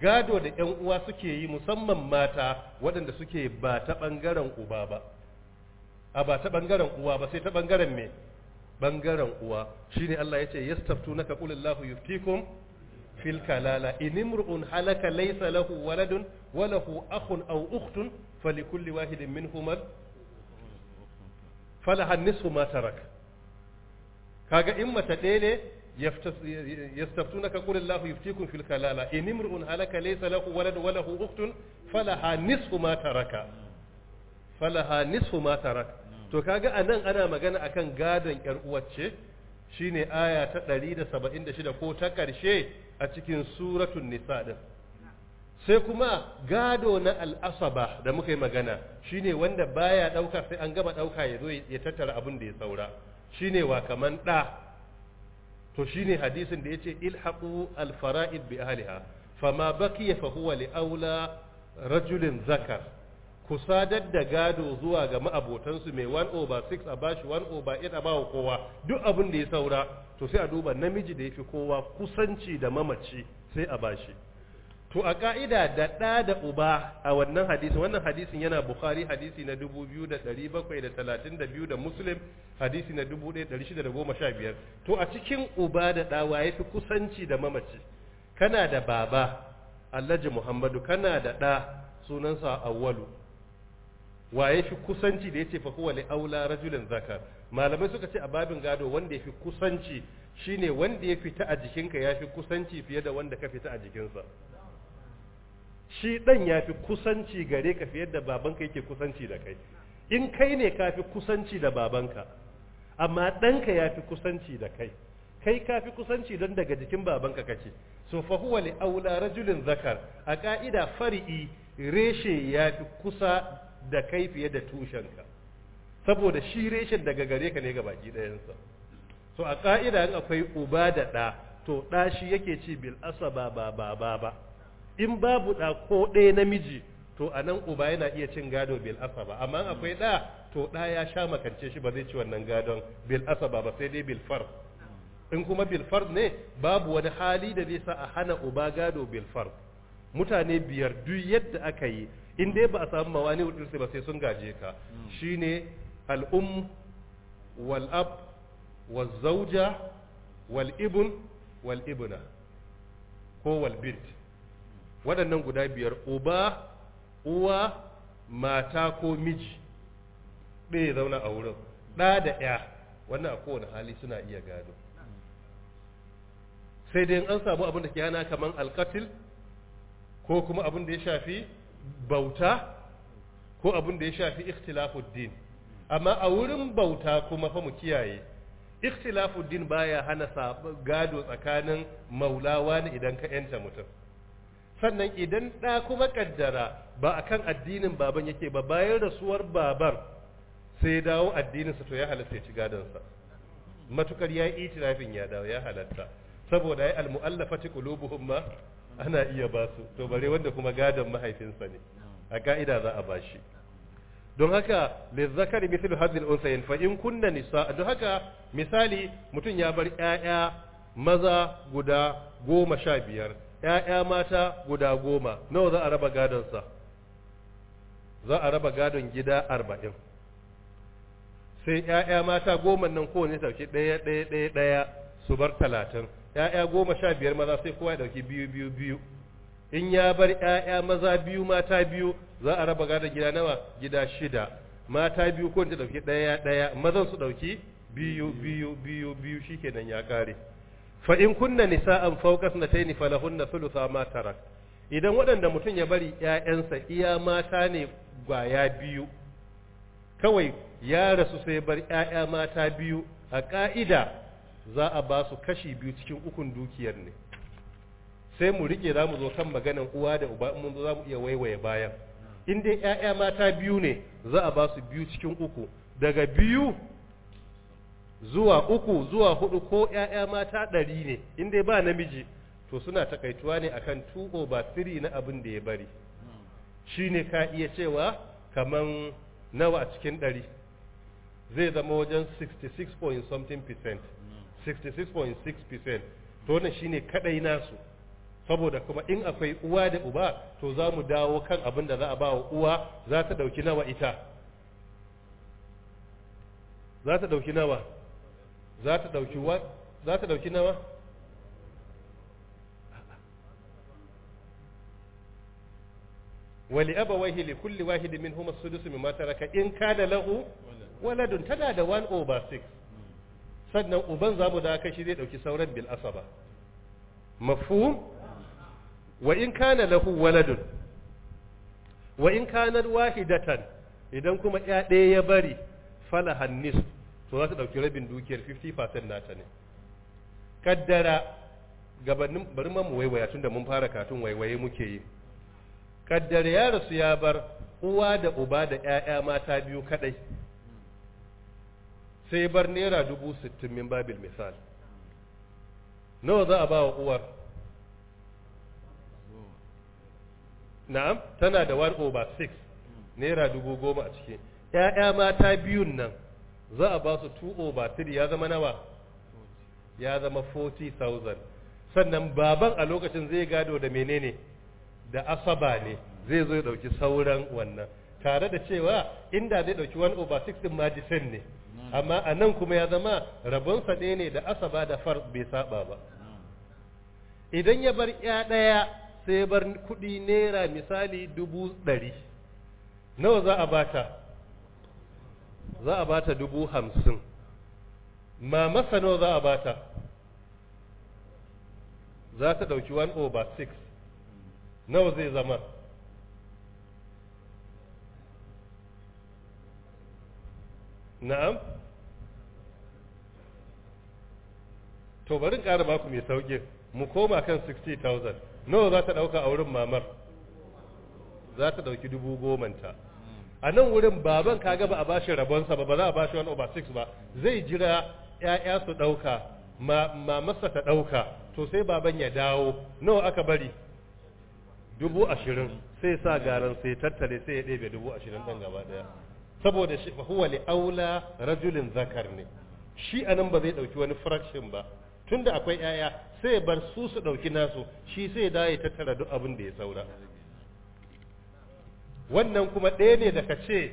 gado da ƴan uwa suke yi musamman mata waɗanda suke ba ta ɓangaren uba ba a ba ta ɓangaren uwa ba sai ta ɓangaren me ɓangaren uwa ne Allah ya ce yastaftunaka qulillahu yuftikum fil kalala in mur'un halaka laisa lahu waladun walahu akhun aw ukhtun kulli wahidin minhum falaha nisfu ma taraka kaga in mace ɗaya ne yastaftunaka qul Allahu yuftikum fil kalala in imru'un halaka laysa lahu walad wa lahu ukhtun falaha nisfu ma taraka falaha nisfu ma taraka to kaga anan ana magana akan gadon yar uwace shine aya ta 176 ko ta karshe a cikin suratul nisa din sai kuma gado na al'asaba da muka yi magana shine wanda baya ɗauka sai an gama ɗauka ya zo ya tattara abin da ya saura shine wa kaman ɗa to shine hadisin da yace ilhaqu alfara'id bi ahliha fama baqiya fa huwa li aula rajulin zakar ku sadar da gado zuwa ga ma'abotansu mai 1 over 6 a bashi 1 over 8 a bawa kowa duk abin da ya saura to sai a duba namiji da ya kowa kusanci da mamaci sai a bashi to a ka'ida da ɗa da uba a wannan hadisi wannan hadisin yana bukhari hadisi na 2732 da muslim hadisi na 1615 to a cikin uba da ɗa waye fi kusanci da mamaci kana da baba alhaji muhammadu kana da ɗa sunansa awwalu waye fi kusanci da yace fa huwa li aula rajulin zakar malamai suka ce a babin gado wanda ya fi kusanci shine wanda ya fita a jikinka ya fi kusanci fiye da wanda ka fita a jikinsa shi ɗan ya fi kusanci gare ka fiye da babanka yake kusanci da kai in kai ne ka fi kusanci da babanka amma ɗanka ya fi kusanci da kai kai ka fi kusanci don daga jikin babanka kake so fa huwa li aula rajulin zakar a ka'ida fari'i reshe ya fi kusa da kai fiye da tushenka saboda shi reshen daga gare ka ne ga baki ɗayansa to a ka'ida in akwai uba da ɗa to ɗa shi yake ci bil asaba ba ba ba ba in babu da ko ɗaya namiji to a nan uba yana iya cin gado bil asaba amma akwai ɗa to ɗa ya sha makance shi ba zai ci wannan gadon bil asaba ba sai dai bil far in kuma bil far ne babu wani hali da zai sa a hana uba gado bil far mutane biyar duk yadda aka yi in dai ba a samu mawani hudu sai ba sai sun gaje ka shine al'um wal ab wal zauja wal ibn wal ibna ko wal bint waɗannan guda biyar uba uwa mata ko miji ɗaya zauna a wurin ɗa da ɗaya wannan a kowane hali suna iya gado sai dai an samu abin da ke hana kamar alkatil ko kuma abin da ya shafi bauta ko abin da ya shafi ikhtilafuddin amma a wurin bauta kuma fa mu kiyaye ikhtilafuddin baya hana gado tsakanin maulawa ne idan ka yanta mutum sannan idan ɗa kuma ƙaddara ba a kan addinin baban yake ba bayan rasuwar babar sai dawo addininsa to ya halatta ya ci gadonsa matukar ya yi itirafin ya dawo ya halatta saboda ai almu'allafati qulubuhum ma ana iya ba su to bare wanda kuma gadon mahaifinsa ne a ka'ida za a bashi don haka lizzakari mithlu hadhihi al-unsayn fa in kunna nisa don haka misali mutum ya bar 'ya'ya maza guda goma sha biyar ‘ya'ya mata guda goma nawa za a raba gadonsa za a raba gadon gida arba'in sai ‘ya'ya mata goma nan kowane ɗauki ɗaya ɗaya ɗaya ɗaya su bar talatin ‘ya'ya goma sha biyar maza sai kowa ya ɗauki biyu biyu biyu in ya bar ‘ya'ya maza biyu mata biyu za a raba gadon gida nawa gida shida mata biyu kowane ta ɗauki ɗaya ɗaya mazan su ɗauki biyu biyu biyu biyu shi kenan ya ƙare fa in kunna nisa'an fawqa sunatayn falahunna thulutha ma tarak idan waɗanda mutum ya bari ƴaƴansa iya mata ne gwaya biyu kawai ya rasu sai bar ƴaƴa mata biyu a ƙa'ida za a ba su kashi biyu cikin ukun dukiyar ne sai mu rike za mu zo kan maganan uwa da uba mun zo za mu iya waiwaye bayan in dai ƴaƴa mata biyu ne za a ba su biyu cikin uku daga biyu zuwa uku zuwa hudu ko ‘ya'ya mata ɗari ne in dai ba namiji to suna takaituwa ne akan tuko ba siri na abin da ya bari shi ne ka iya cewa kaman nawa a cikin ɗari zai zama wajen 66 point something percent 66.6 percent to wannan shi ne kaɗai nasu saboda kuma in akwai uwa da uba to za mu dawo kan abin da za a ba wa uwa za ta ɗauki nawa ita za ta ɗauki nawa za ta ɗauki nawa. za Aba ɗauki nawa wali wahi li kulli wahidin minhum as-sudusu mimma taraka in kana lahu waladun tana da 1 over 6 sannan uban mu da kai shi zai dauki sauran bil asaba mafhum wa in kana lahu waladun wa in wahi wahidatan idan kuma ya ɗaya ya bari falahan nisf to za ta ɗauki rabin dukiyar 50% nata ne kaddara gabanin bari mu waiwaya tun da mun fara katun waiwaye muke yi kaddara ya rasu ya bar uwa da uba da 'ya'ya mata biyu kadai sai bar naira dubu sittin min babil misal nawa za a ba wa uwar na'am tana da 1 over 6 naira dubu goma a ciki 'ya'ya mata biyun nan za a ba su 2 over 3 ya zama nawa ya zama 40,000 sannan baban a lokacin zai gado da menene da asaba ne zai zo ya ɗauki sauran wannan tare da cewa inda zai ɗauki 1 over 6 din ne amma a nan kuma ya zama rabonsa ɗaya ne da asaba da far bai saba ba idan ya bar ya ɗaya sai bar kuɗi naira misali dubu ɗari nawa za a bata za a bata dubu hamsin mamarsa nawa za a bata za ta ɗauki 1 over 6 nawa zai zama na'am to bari ƙara baku mai sauƙi mu koma kan 60,000 nawa za ta ɗauka a wurin mamar za ta ɗauki dubu gomanta a nan wurin baban kaga ba a bashi rabonsa ba ba za a bashi wani over six ba zai jira ‘ya'ya su ɗauka ma masa ta ɗauka to sai baban ya dawo nawa aka bari dubu ashirin sai sa garan sai tattale sai ya ɗebe dubu ashirin ɗan gaba ɗaya saboda shi huwa li aula rajulin zakar ne shi a nan ba zai ɗauki wani fraction ba tunda akwai ‘ya'ya sai bar su su ɗauki nasu shi sai da ya tattara duk abin da ya saura wannan kuma ɗaya ne da ka ce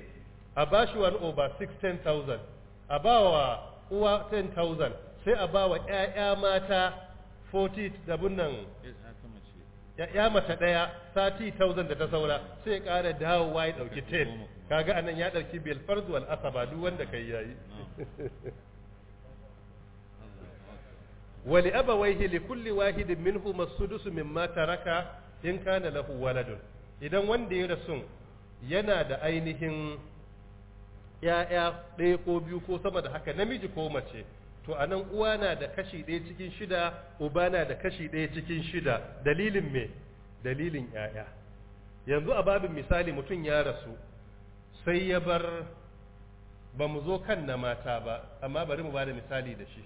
a ba shi wani over 16,000 a ba wa uwa 10,000 sai a ba wa ‘ya'ya mata 40 da bunan ya mata ɗaya 30,000 da ta saura sai ƙara dawo ya ɗauki 10 kaga anan ya ɗauki bil farzu wal asaba duk wanda kai yayi wali wai li kulli wahidin minhu masudusu min mata raka in kana lahu waladun idan wanda ya rasu yana da ainihin ‘ya'ya ɗaya ko biyu ko sama da haka namiji ko mace to a nan uwa na da kashi ɗaya cikin shida uba na da kashi ɗaya cikin shida dalilin me dalilin ‘ya'ya yanzu a babin misali mutum ya rasu sai ya bar ba mu zo kan na mata ba amma bari mu ba da misali da shi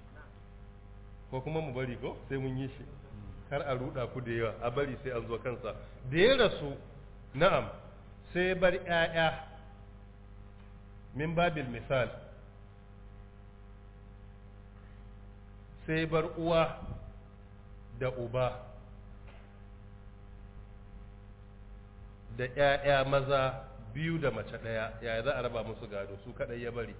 ko kuma mu bari ko sai mun yi shi kar a ruɗa ku da yawa a bari sai an zo kansa da ya rasu na'am sai bar ‘ya'ya min babil misal sai bar uwa da uba da ‘ya'ya maza biyu da mace ɗaya yaya za a raba musu gado su kaɗai ya bari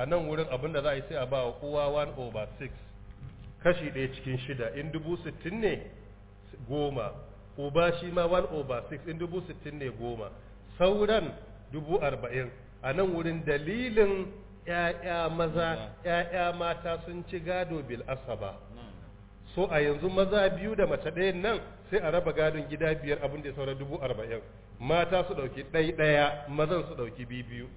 a nan wurin abinda za a yi sai a ba wa uwa 1 over kashi ɗaya cikin shida in dubu sittin ne goma uba shi ma 1 over six in dubu sittin ne goma sauran dubu arba'in a nan wurin dalilin ‘ya'ya maza ‘ya'ya mata sun ci gado bil asaba so a yanzu maza biyu da mace ɗaya nan sai a raba gadon gida biyar abin da ya saura dubu arba'in mata su ɗauki ɗai ɗaya mazan su ɗauki biyu biyu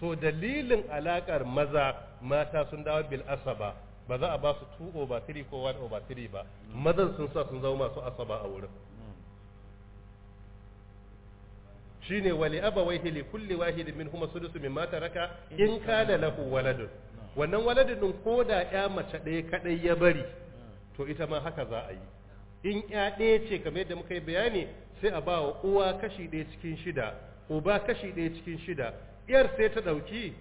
so dalilin alaƙar maza mata sun dawo bil asaba ba za a ba su 2 over 3 ko 1 over 3 ba mazan sun sa sun zama masu asaba a wurin shine wali abawaihi li kulli wahidin minhuma sudusu mimma taraka in kana lahu waladun wannan waladun din ko da ya mace ɗaya kaɗai ya bari to ita ma haka za a yi in ya ɗaya ce kamar yadda muka yi bayani sai a ba wa uwa kashi ɗaya cikin shida uba kashi ɗaya cikin shida iyar sai ta ɗauki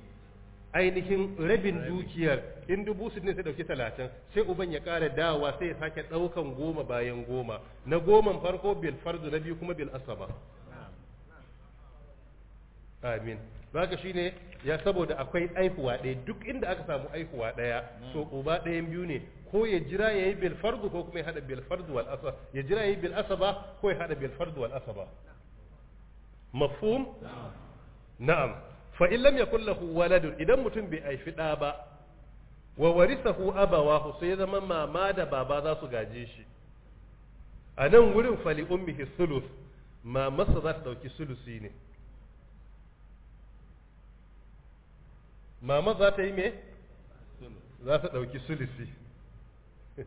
ainihin rabin dukiyar in dubu su ne sai dauki talatin sai uban ya kara dawa sai ya sake ɗaukan goma bayan goma na goman farko bil fardu na biyu kuma bil asaba amin baka shine ya saboda akwai aihuwa ɗaya duk inda aka samu aihuwa ɗaya so uba ɗayan biyu ne ko ya jira ya yi bil fardu ko kuma ya haɗa bil fardu wal asaba ya jira ya yi bil asaba ko ya haɗa bil fardu wal asaba mafhum na'am fa in lam yakul lahu walad idan mutum bai haifi da ba wa warisahu abawahu sai zama mama da baba za su gaje shi a nan wurin fali ummihi sulus mamarsa za ta dauki sulusi ne mama za ta yi me za ta dauki sulusi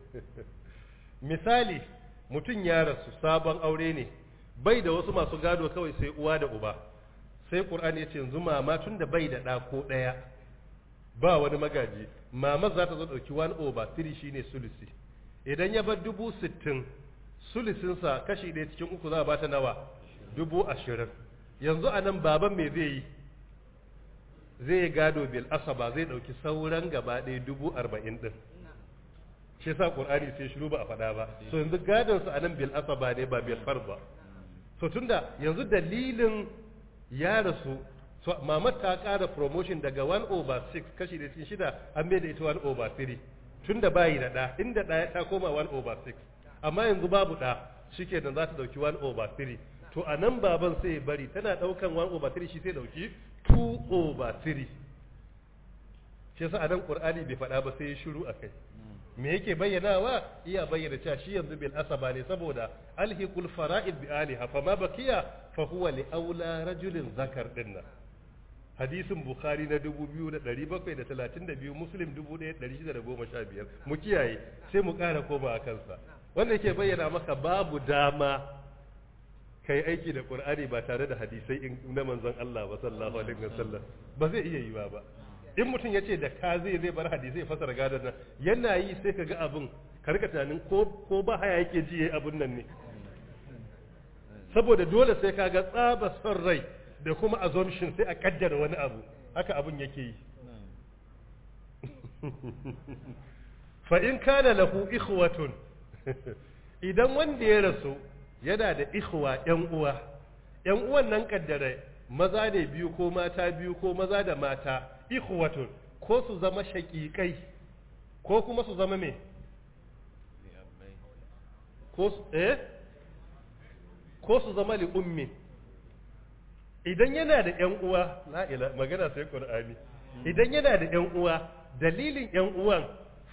misali mutum ya rasu sabon aure ne bai da wasu masu gado kawai sai uwa da uba sai qur'ani ya ce yanzu mama tun da bai da ɗa ko ɗaya ba wani magaji mama za ta zo ɗauki 1 over 3 shine sulusi idan ya bar dubu sittin sulisinsa kashi ɗaya cikin uku za a bata nawa dubu ashirin yanzu a nan baban me zai yi zai yi gado bil asaba zai ɗauki sauran gaba ɗaya dubu arba'in ɗin shi sa ƙur'ani sai shiru ba a faɗa ba so yanzu gadonsa a nan bil asaba ne ba bil farba so tunda yanzu dalilin ya rasu mamar ta kara promotion daga 1 over 6 kashi da cikin shida an mai da ita 1 over 3 tun da bayi da ɗa inda ɗaya ta koma 1 over 6 amma yanzu babu ɗa shi ke nan za ta ɗauki 1 over 3 to a nan baban sai bari tana ɗaukan 1 over 3 shi sai ɗauki 2 over 3 shi yasa a nan ƙur'ani bai faɗa ba sai ya shiru a kai me yake bayyanawa iya bayyana cewa shi yanzu bil asaba ne saboda alhiqul fara'id bi aliha ma bakiya fa huwa li aula rajulin zakar dinna hadisin bukhari na 2732 muslim 1615 mu kiyaye sai mu kara koma a kansa wanda yake bayyana maka babu dama kai aiki da qur'ani ba tare da hadisai na manzon Allah ba sallallahu alaihi wasallam ba zai iya yi ba in mutum ya ce da ka zai zai bar zai fasara gadon nan yana yi sai ka ga abin karka tunanin ko ba haya yake ji ya abin nan ne saboda dole sai ka ga tsaba son rai da kuma assumption sai a kaddara wani abu haka abin yake yi fa in kana lahu ikhwatun idan wanda ya rasu yana da ikhwa yan uwa yan uwan nan kaddara maza ne biyu ko mata biyu ko maza da mata ikhwatun ko su zama shakikai ko kuma su zama me ko su eh ko su zama li ummi idan yana da ƴan uwa la ila magana sai qur'ani idan yana da ƴan uwa dalilin ƴan uwan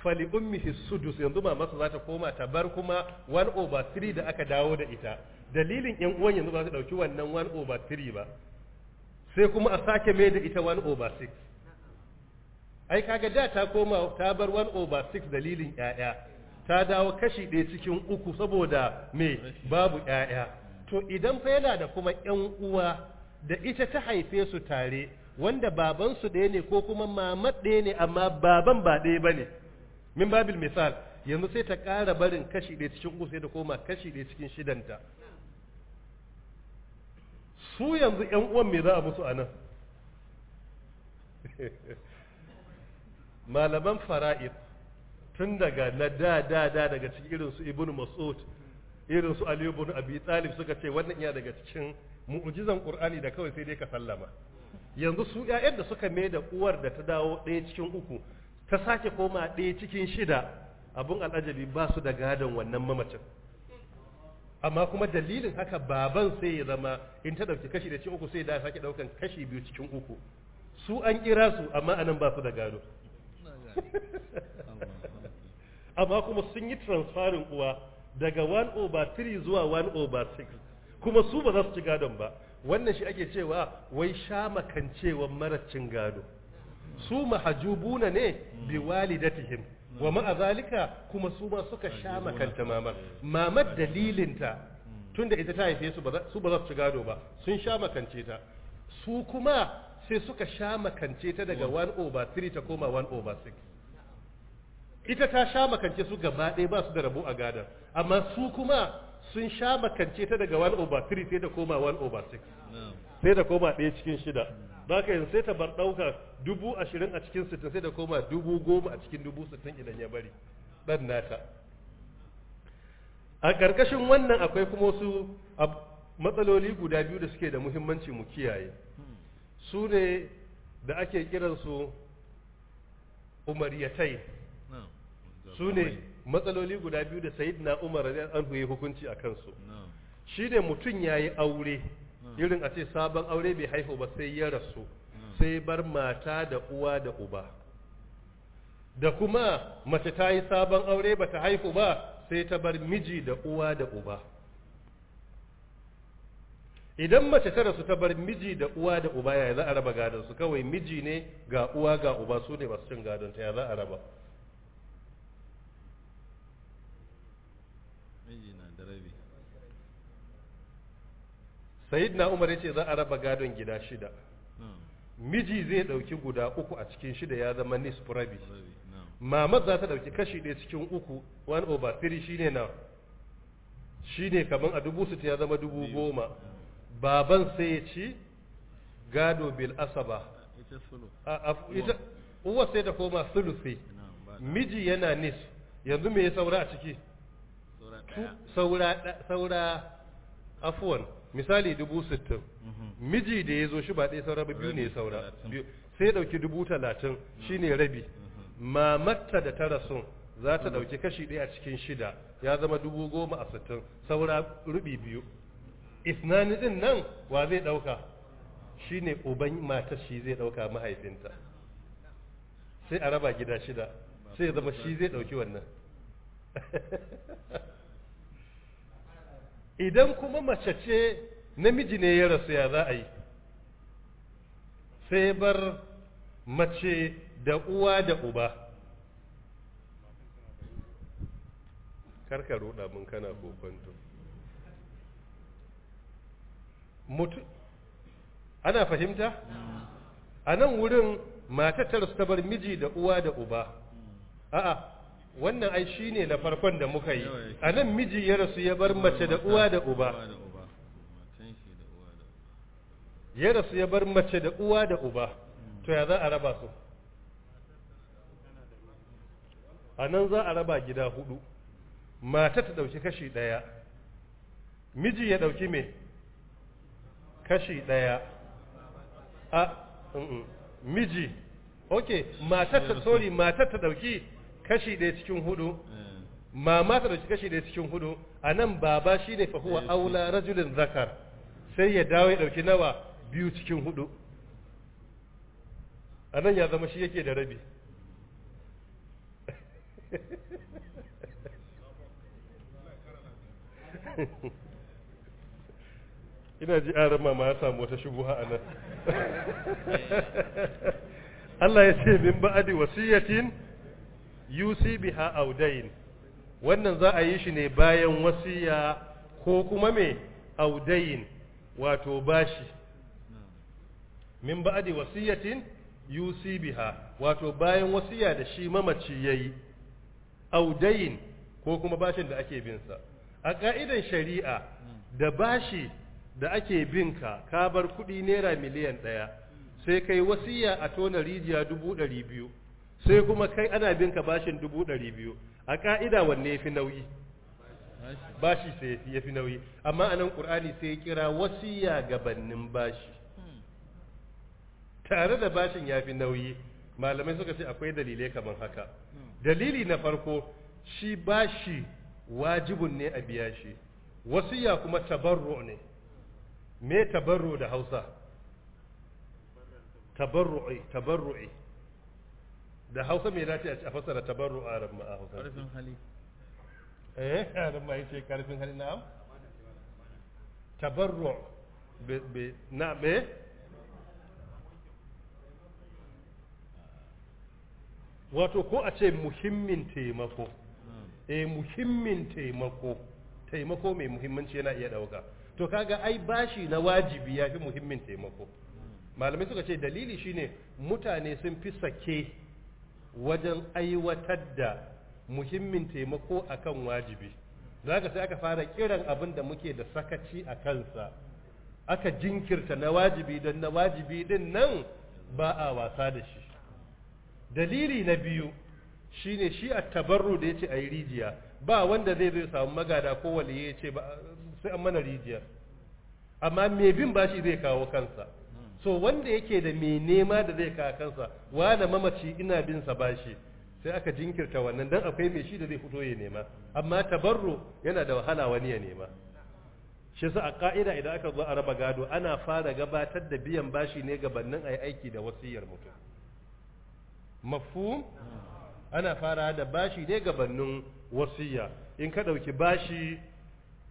fali ummihi sudus yanzu ba masa za ta koma ta bar kuma 1 over 3 da aka dawo da ita dalilin ƴan uwan yanzu ba su dauki wannan 1 over 3 ba sai kuma a sake mai da ita 1 over 6 ai kaga da ta koma ta bar 1 over 6 dalilin 'ya'ya ta dawo kashi ɗaya cikin uku saboda me babu 'ya'ya to idan fa yana da kuma 'yan uwa da ita ta haife su tare wanda babansu ɗaya ne ko kuma mama ɗaya ne amma baban ba ɗaya ba ne min babil misal yanzu sai ta ƙara barin kashi ɗaya cikin uku sai da koma kashi ɗaya cikin shidanta su yanzu yan uwan me za a musu anan malaman fara'id tun daga na da da da daga cikin irin su ibn mas'ud irin su ali ibn abi talib suka ce wannan iya daga cikin mu'jizan qur'ani da kawai sai dai ka sallama yanzu su ƴaƴan da suka mai da uwar da ta dawo ɗaya cikin uku ta sake koma ɗaya cikin shida abun al'ajabi ba su da gadon wannan mamacin amma kuma dalilin haka baban sai ya zama in ta dauki kashi da ci uku sai da sake daukan kashi biyu cikin uku su an kira su amma anan ba su da gado amma kuma sun yi transferin uwa daga 1 over 3 zuwa 1 over 6 kuma su ba za su ci gadon ba wannan shi ake cewa wai sha makancewan cin gado su mahajubuna ne bi hmm. walidatihim wa ma'a zalika kuma su ma suka sha makanta mamar eh. mamar dalilinta hmm. da ita ta haife su ba su ba za su gado ba sun sha makance ta su kuma sai suka sha makance ta daga 1 over 3 ta koma 1 over 6 ita ta sha makance su gaba ɗaya ba su da rabo a gadar amma su kuma sun sha makance ta daga 1 over 3 sai da koma 1 over 6 sai da koma ɗaya cikin shida hmm. ba ka yanzu sai ta bar ɗauka dubu ashirin a cikin sittin sai da koma dubu goma a cikin dubu sittin idan ya bari ɗan nata a ƙarƙashin wannan akwai kuma wasu matsaloli guda biyu da suke da muhimmanci mu kiyaye su ne da ake kiransu umariyatai su ne matsaloli guda biyu da sayid na umar an hukunci a kansu shi ne mutum ya yi aure irin a ce sabon aure bai haihu ba sai ya rasu sai bar mata da uwa da uba da kuma mace ta yi sabon aure ba ta haihu ba sai ta bar miji da uwa da uba idan mace ta rasu ta bar miji da uwa da uba ya za a raba gadon su kawai miji ne ga uwa ga uba su ne masu cin gadon ta ya za a raba na umar ya ce za a raba gadon gida shida miji zai ɗauki guda uku a cikin shida ya zama nisfu rabi mamad za ta ɗauki kashi ɗaya cikin uku one over three shine na shine kaman a dubu sita ya zama dubu goma baban sai ya ci gado bil asaba uwa sai ta koma sulusi miji yana nis yanzu me ya saura a ciki saura afuwan misali dubu sittin mhm. miji da ya zo shi ba ɗaya saura ba biyu ne saura sai ɗauki dubu talatin mhm. shi ne rabi mhm. mamatta da tara sun za ta ɗauki kashi ɗaya a cikin shida ya zama dubu goma a sittin saura rubi biyu isnani ɗin nan wa zai ɗauka shi ne uban matar shi zai ɗauka mahaifinta sai a raba gida shida sai zama shi zai ɗauki wannan idan kuma mace ce namiji ne ya rasu ya za a yi sai bar mace da uwa da uba karka ruɗa mun kana kokonto mutu ana fahimta a nan wurin matattar su ta bar miji da uwa da uba a'a wannan ai ne na farkon da muka yi a nan miji ya rasu ya bar mace da uwa da uba ya rasu ya bar mace da uwa da uba to ya za a raba su a nan za a raba gida hudu mata ta ɗauki kashi ɗaya miji ya ɗauki me kashi ɗaya a mm, mm. miji ok mata ta sorry mata ta ɗauki kashi ɗaya cikin hudu eh. mama ta dauki kashi ɗaya cikin hudu a nan baba shi ne fahuwa eh, aula rajulin zakar sai ya dawo ya ɗauki nawa biyu cikin hudu a nan ya zama shi yake da rabi ina ji a rama ma ya samu wata shubuha a nan eh. Allah ya ce min ba'adi wasiyatin yusi biha audain wannan za a yi shi ne bayan wasiya ko kuma me audain wato bashi min ba'di wasiyatin yusi biha wato bayan wasiya da shi mamaci yayi audain ko kuma bashin da ake bin sa a ka'idan shari'a da bashi da ake bin ka ka bar kuɗi naira miliyan ɗaya sai kai wasiya a tona rijiya dubu ɗari biyu sai kuma kai ana binka bashin dubu ɗari biyu a ka'ida wanne ya fi nauyi bashi sai ya fi nauyi amma anan ƙur'ani sai ya kira wasiya gabannin bashi tare da bashin ya fi nauyi malamai suka ce akwai dalilai kamar haka dalili na farko shi bashi wajibun ne a biya shi wasu ya kuma tabarro ne me tabarro da hausa tabarro'i tabarro'i da hausa mai dace a fasara tabarru a rabu a hausa karfin hali eh a ramma ce karfin hali na'am tabarru be na be wato ko a ce muhimmin taimako hmm. eh muhimmin taimako taimako mai muhimmanci yana iya dauka to kaga ai bashi na wajibi ya fi muhimmin taimako hmm. malamai suka ce dalili shine mutane sun fi sake wajen aiwatar da muhimmin taimako a kan wajibi za ka sai aka fara kiran abin da muke da sakaci a kansa aka jinkirta na wajibi don na wajibi din nan ba a wasa da shi dalili na biyu shine shi a tabarru da ya ce a yi rijiya ba wanda zai zai samu magada ko waliye ya ce sai an mana rijiyar amma mai bin bashi zai kawo kansa so wanda yake da mai nema da zai kawo kansa na mamaci ina bin sa bashi sai aka jinkirta wannan dan akwai mai shi da zai fito ya nema amma tabarru yana da wahala wani ya nema shi yasa a ka'ida idan aka zo a raba gado ana fara gabatar da biyan bashi ne gabanin ayi aiki da wasiyar mutum mafhum ana fara da bashi ne bannin wasiya in ka dauki bashi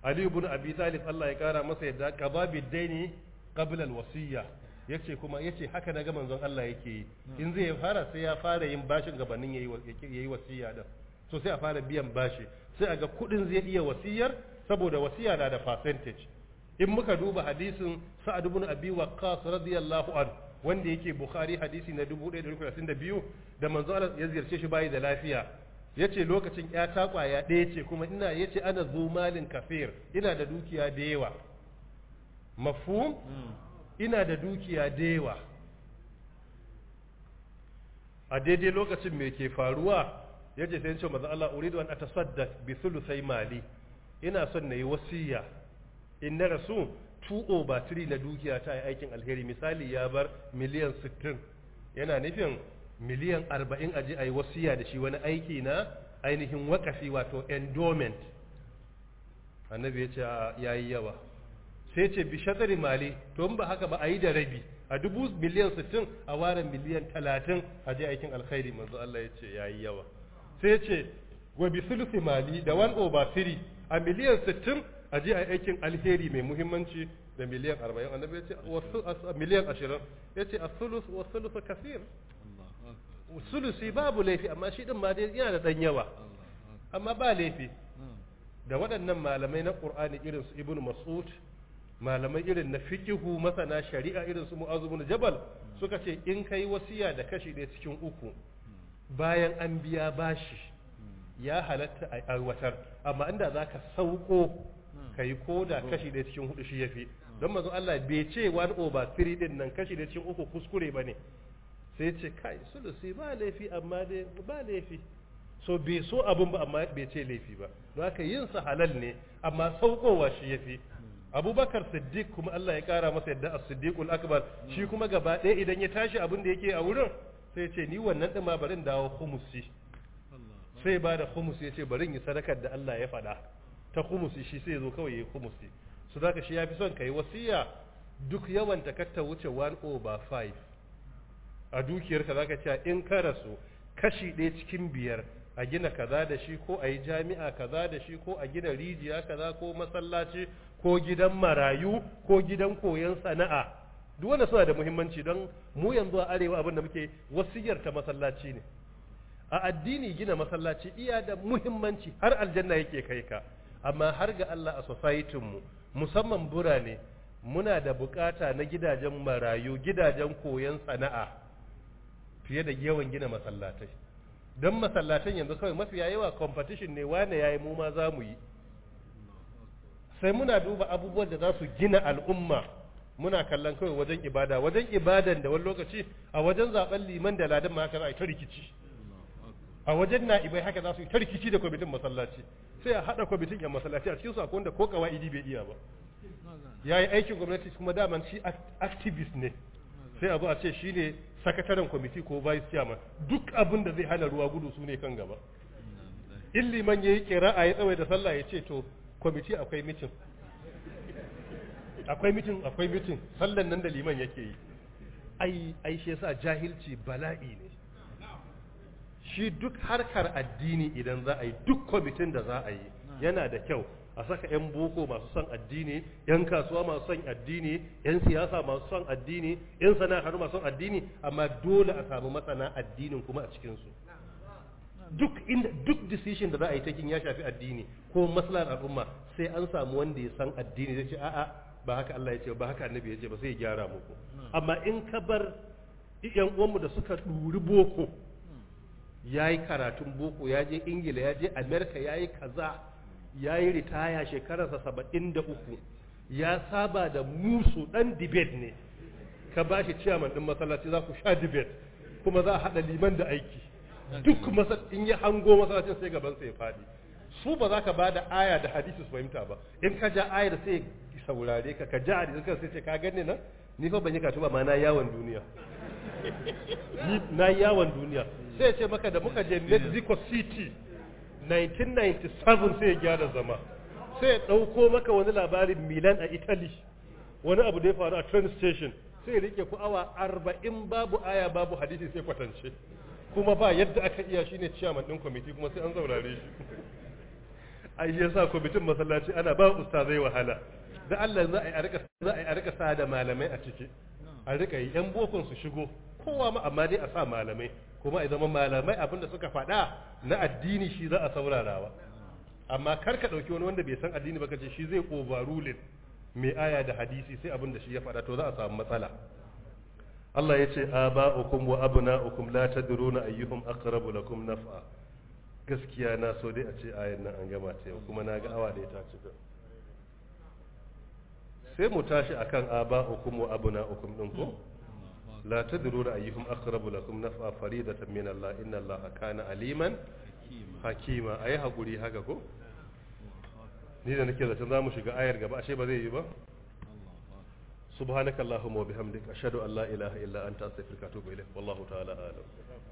Ali ibn Abi Talib Allah ya kara masa yadda qada daini qabla al-wasiyya yace kuma yace haka na ga zon Allah yake yi in zai ya fara sai ya fara yin bashin gabanin ya yi wasiya da so sai a fara biyan bashi sai a ga kudin zai iya wasiyar saboda wasiya na da percentage in muka duba hadisin Sa'ad ibn Abi Waqqas radiyallahu an wanda yake Bukhari hadisi na 1132 da manzo Allah ya ziyarce shi bayi da lafiya yace lokacin ya takwaya ɗaya ce kuma ina yace ana zumalin kafir ina da dukiya da yawa mafhum hmm. ina da dukiya da a daidai lokacin mai ke faruwa ya ce sai ce maza Allah uridu an atasadda bi mali ina son na yi wasiya in na rasu 2 ba tiri na dukiya ta yi aikin alheri misali ya bar miliyan 60 yana nufin miliyan 40 ji a yi wasiya da shi wani aiki na ainihin wakafi wato endowment annabi ya ce yayi yawa sai ce bi shatari mali to ba haka ba a yi da rabi a dubu miliyan sittin a ware miliyan talatin a je aikin alkhairi manzo Allah ya ce yayi yawa sai ce wa bi sulusi mali da 1 over three a miliyan sittin a je a aikin alheri mai muhimmanci da miliyan arba'in annabi ya ce wasu miliyan ashirin ya ce a sulus wa sulusu kaseer sulusi babu laifi amma shi din ma dai yana da dan yawa amma ba laifi hmm. da waɗannan malamai na ƙur'ani irin su Ibn Mas'ud malamai irin na fiqihu masana shari'a irin su mu'azu bin jabal suka ce in kai wasiya da kashi ɗaya cikin uku bayan an biya bashi ya halatta a aiwatar amma inda za ka sauko ka yi koda kashi ɗaya cikin hudu shi ya fi don mazan Allah bai ce one over three din nan kashi ɗaya cikin uku kuskure ba ne sai ce kai sulusi ba laifi amma dai ba laifi so bai so abin ba amma bai ce laifi ba don haka yin sa halal ne amma saukowa shi ya fi abubakar siddiq kuma Allah ya kara masa yadda as-siddiqul akbar shi hmm. kuma gaba ɗaya idan ya tashi abin da yake a wurin sai ce ni wannan din ma barin dawo khumusi sai ba da khumusi ya ce barin yi sadakar da Allah ya faɗa ta khumusi shi sai zo kawai yayi khumusi su zaka shi yafi son kai wasiya duk yawan ta katta wuce 1 over 5 a dukiyarka zaka ce in ka rasu kashi ɗaya cikin biyar a gina kaza da shi ko a yi jami'a kaza da shi ko a gina rijiya kaza ko masallaci ko gidan marayu ko gidan koyon sana'a duk wanda suna da muhimmanci don mu yanzu a arewa abin da muke wasiyar ta masallaci ne a addini gina masallaci iya da muhimmanci har aljanna yake kai ka amma har ga Allah a society mu musamman burane muna da bukata na gidajen marayu gidajen koyon sana'a fiye da yawan gina masallatai don masallatan yanzu kawai mafiya yawa competition ne wane yayi mu ma za mu yi sai muna duba abubuwan da za su gina al'umma muna kallon kawai wajen ibada wajen ibadan da wani lokaci a wajen zaben liman da ladan ma haka za a yi ta rikici a wajen na'ibai haka za su yi ta rikici da kwamitin masallaci sai a haɗa kwamitin yan masallaci a cikin su akwai wanda ko kawa idi bai iya ba ya yi aikin gwamnati kuma daman shi activist ne sai abu a ce shi ne sakataren kwamiti ko vice chairman duk abin da zai hana ruwa gudu su ne kan gaba in liman ya yi kira a ya tsawai da sallah ya ce to kwamiti akwai mitin akwai mitin akwai mitin sallan nan da liman yake yi ai ai shi yasa jahilci bala'i ne shi duk harkar addini idan za a yi duk kwamitin da za a yi yana da kyau a saka 'yan boko masu son addini 'yan kasuwa masu son addini 'yan siyasa masu son addini 'yan sana'a masu son addini amma dole a samu matsana addinin kuma a cikinsu duk inda duk decision da za a yi taking ya shafi addini ko maslahar al'umma sai an samu wanda ya san addini zai ce a'a ba haka Allah ya ce ba haka annabi ya ce ba sai ya gyara muku amma in ka bar yan uwanmu da suka ɗuri boko ya yi karatun boko ya je ingila ya je america ya yi kaza ya yi ritaya shekararsa saba'in da uku ya saba da musu ɗan dibet ne ka ba shi ciyaman din masallaci za ku sha debate kuma za a haɗa liman da aiki duk in ya hango masallacin sai gaban sai ya fadi su ba za ka ba da aya da hadisi su fahimta ba in ka ja ayar sai saurare ka ka ja a ka sai ce ka gane nan ni fa ban yi kasuwa ma na yawon duniya ni na yawon duniya sai ce maka da muka je Mexico City 1997 sai ya gyara zama sai ya dauko maka wani labarin Milan a Italy wani abu da ya faru a train station sai ya rike ku awa 40 babu aya babu hadisi sai kwatance kuma ba yadda aka iya shine chairman din kwamiti kuma sai an saurare shi ai yasa kwamitin masallaci ana ba ustazai wahala da Allah za a yi a rika za sa da malamai a ciki a rika yi yan bokon su shigo kowa ma amma dai a sa malamai kuma a zama malamai abinda suka faɗa na addini shi za a saurarawa amma kar ka ɗauki wani wanda bai san addini ba ka ce shi zai overruling mai aya da hadisi sai abinda shi ya faɗa to za a samu matsala Allah ya ce aba'ukum wa abna'ukum la tadruna ayyuhum aqrabu lakum naf'a gaskiya na so dai a ce ayan nan an gama ta kuma na ga awa da ta cika sai mu tashi akan aba'ukum wa abna'ukum din ko la tadruna ayyuhum aqrabu lakum naf'a faridatan min Allah inna Allah kana aliman hakima ayi hakuri haka ko ni da nake zaton za mu shiga ayar gaba ashe ba zai yi ba subhanakallahumma wa bihamdika ashhadu an la ilaha illa anta astaghfiruka wa atubu ilayk wallahu ta'ala a'lam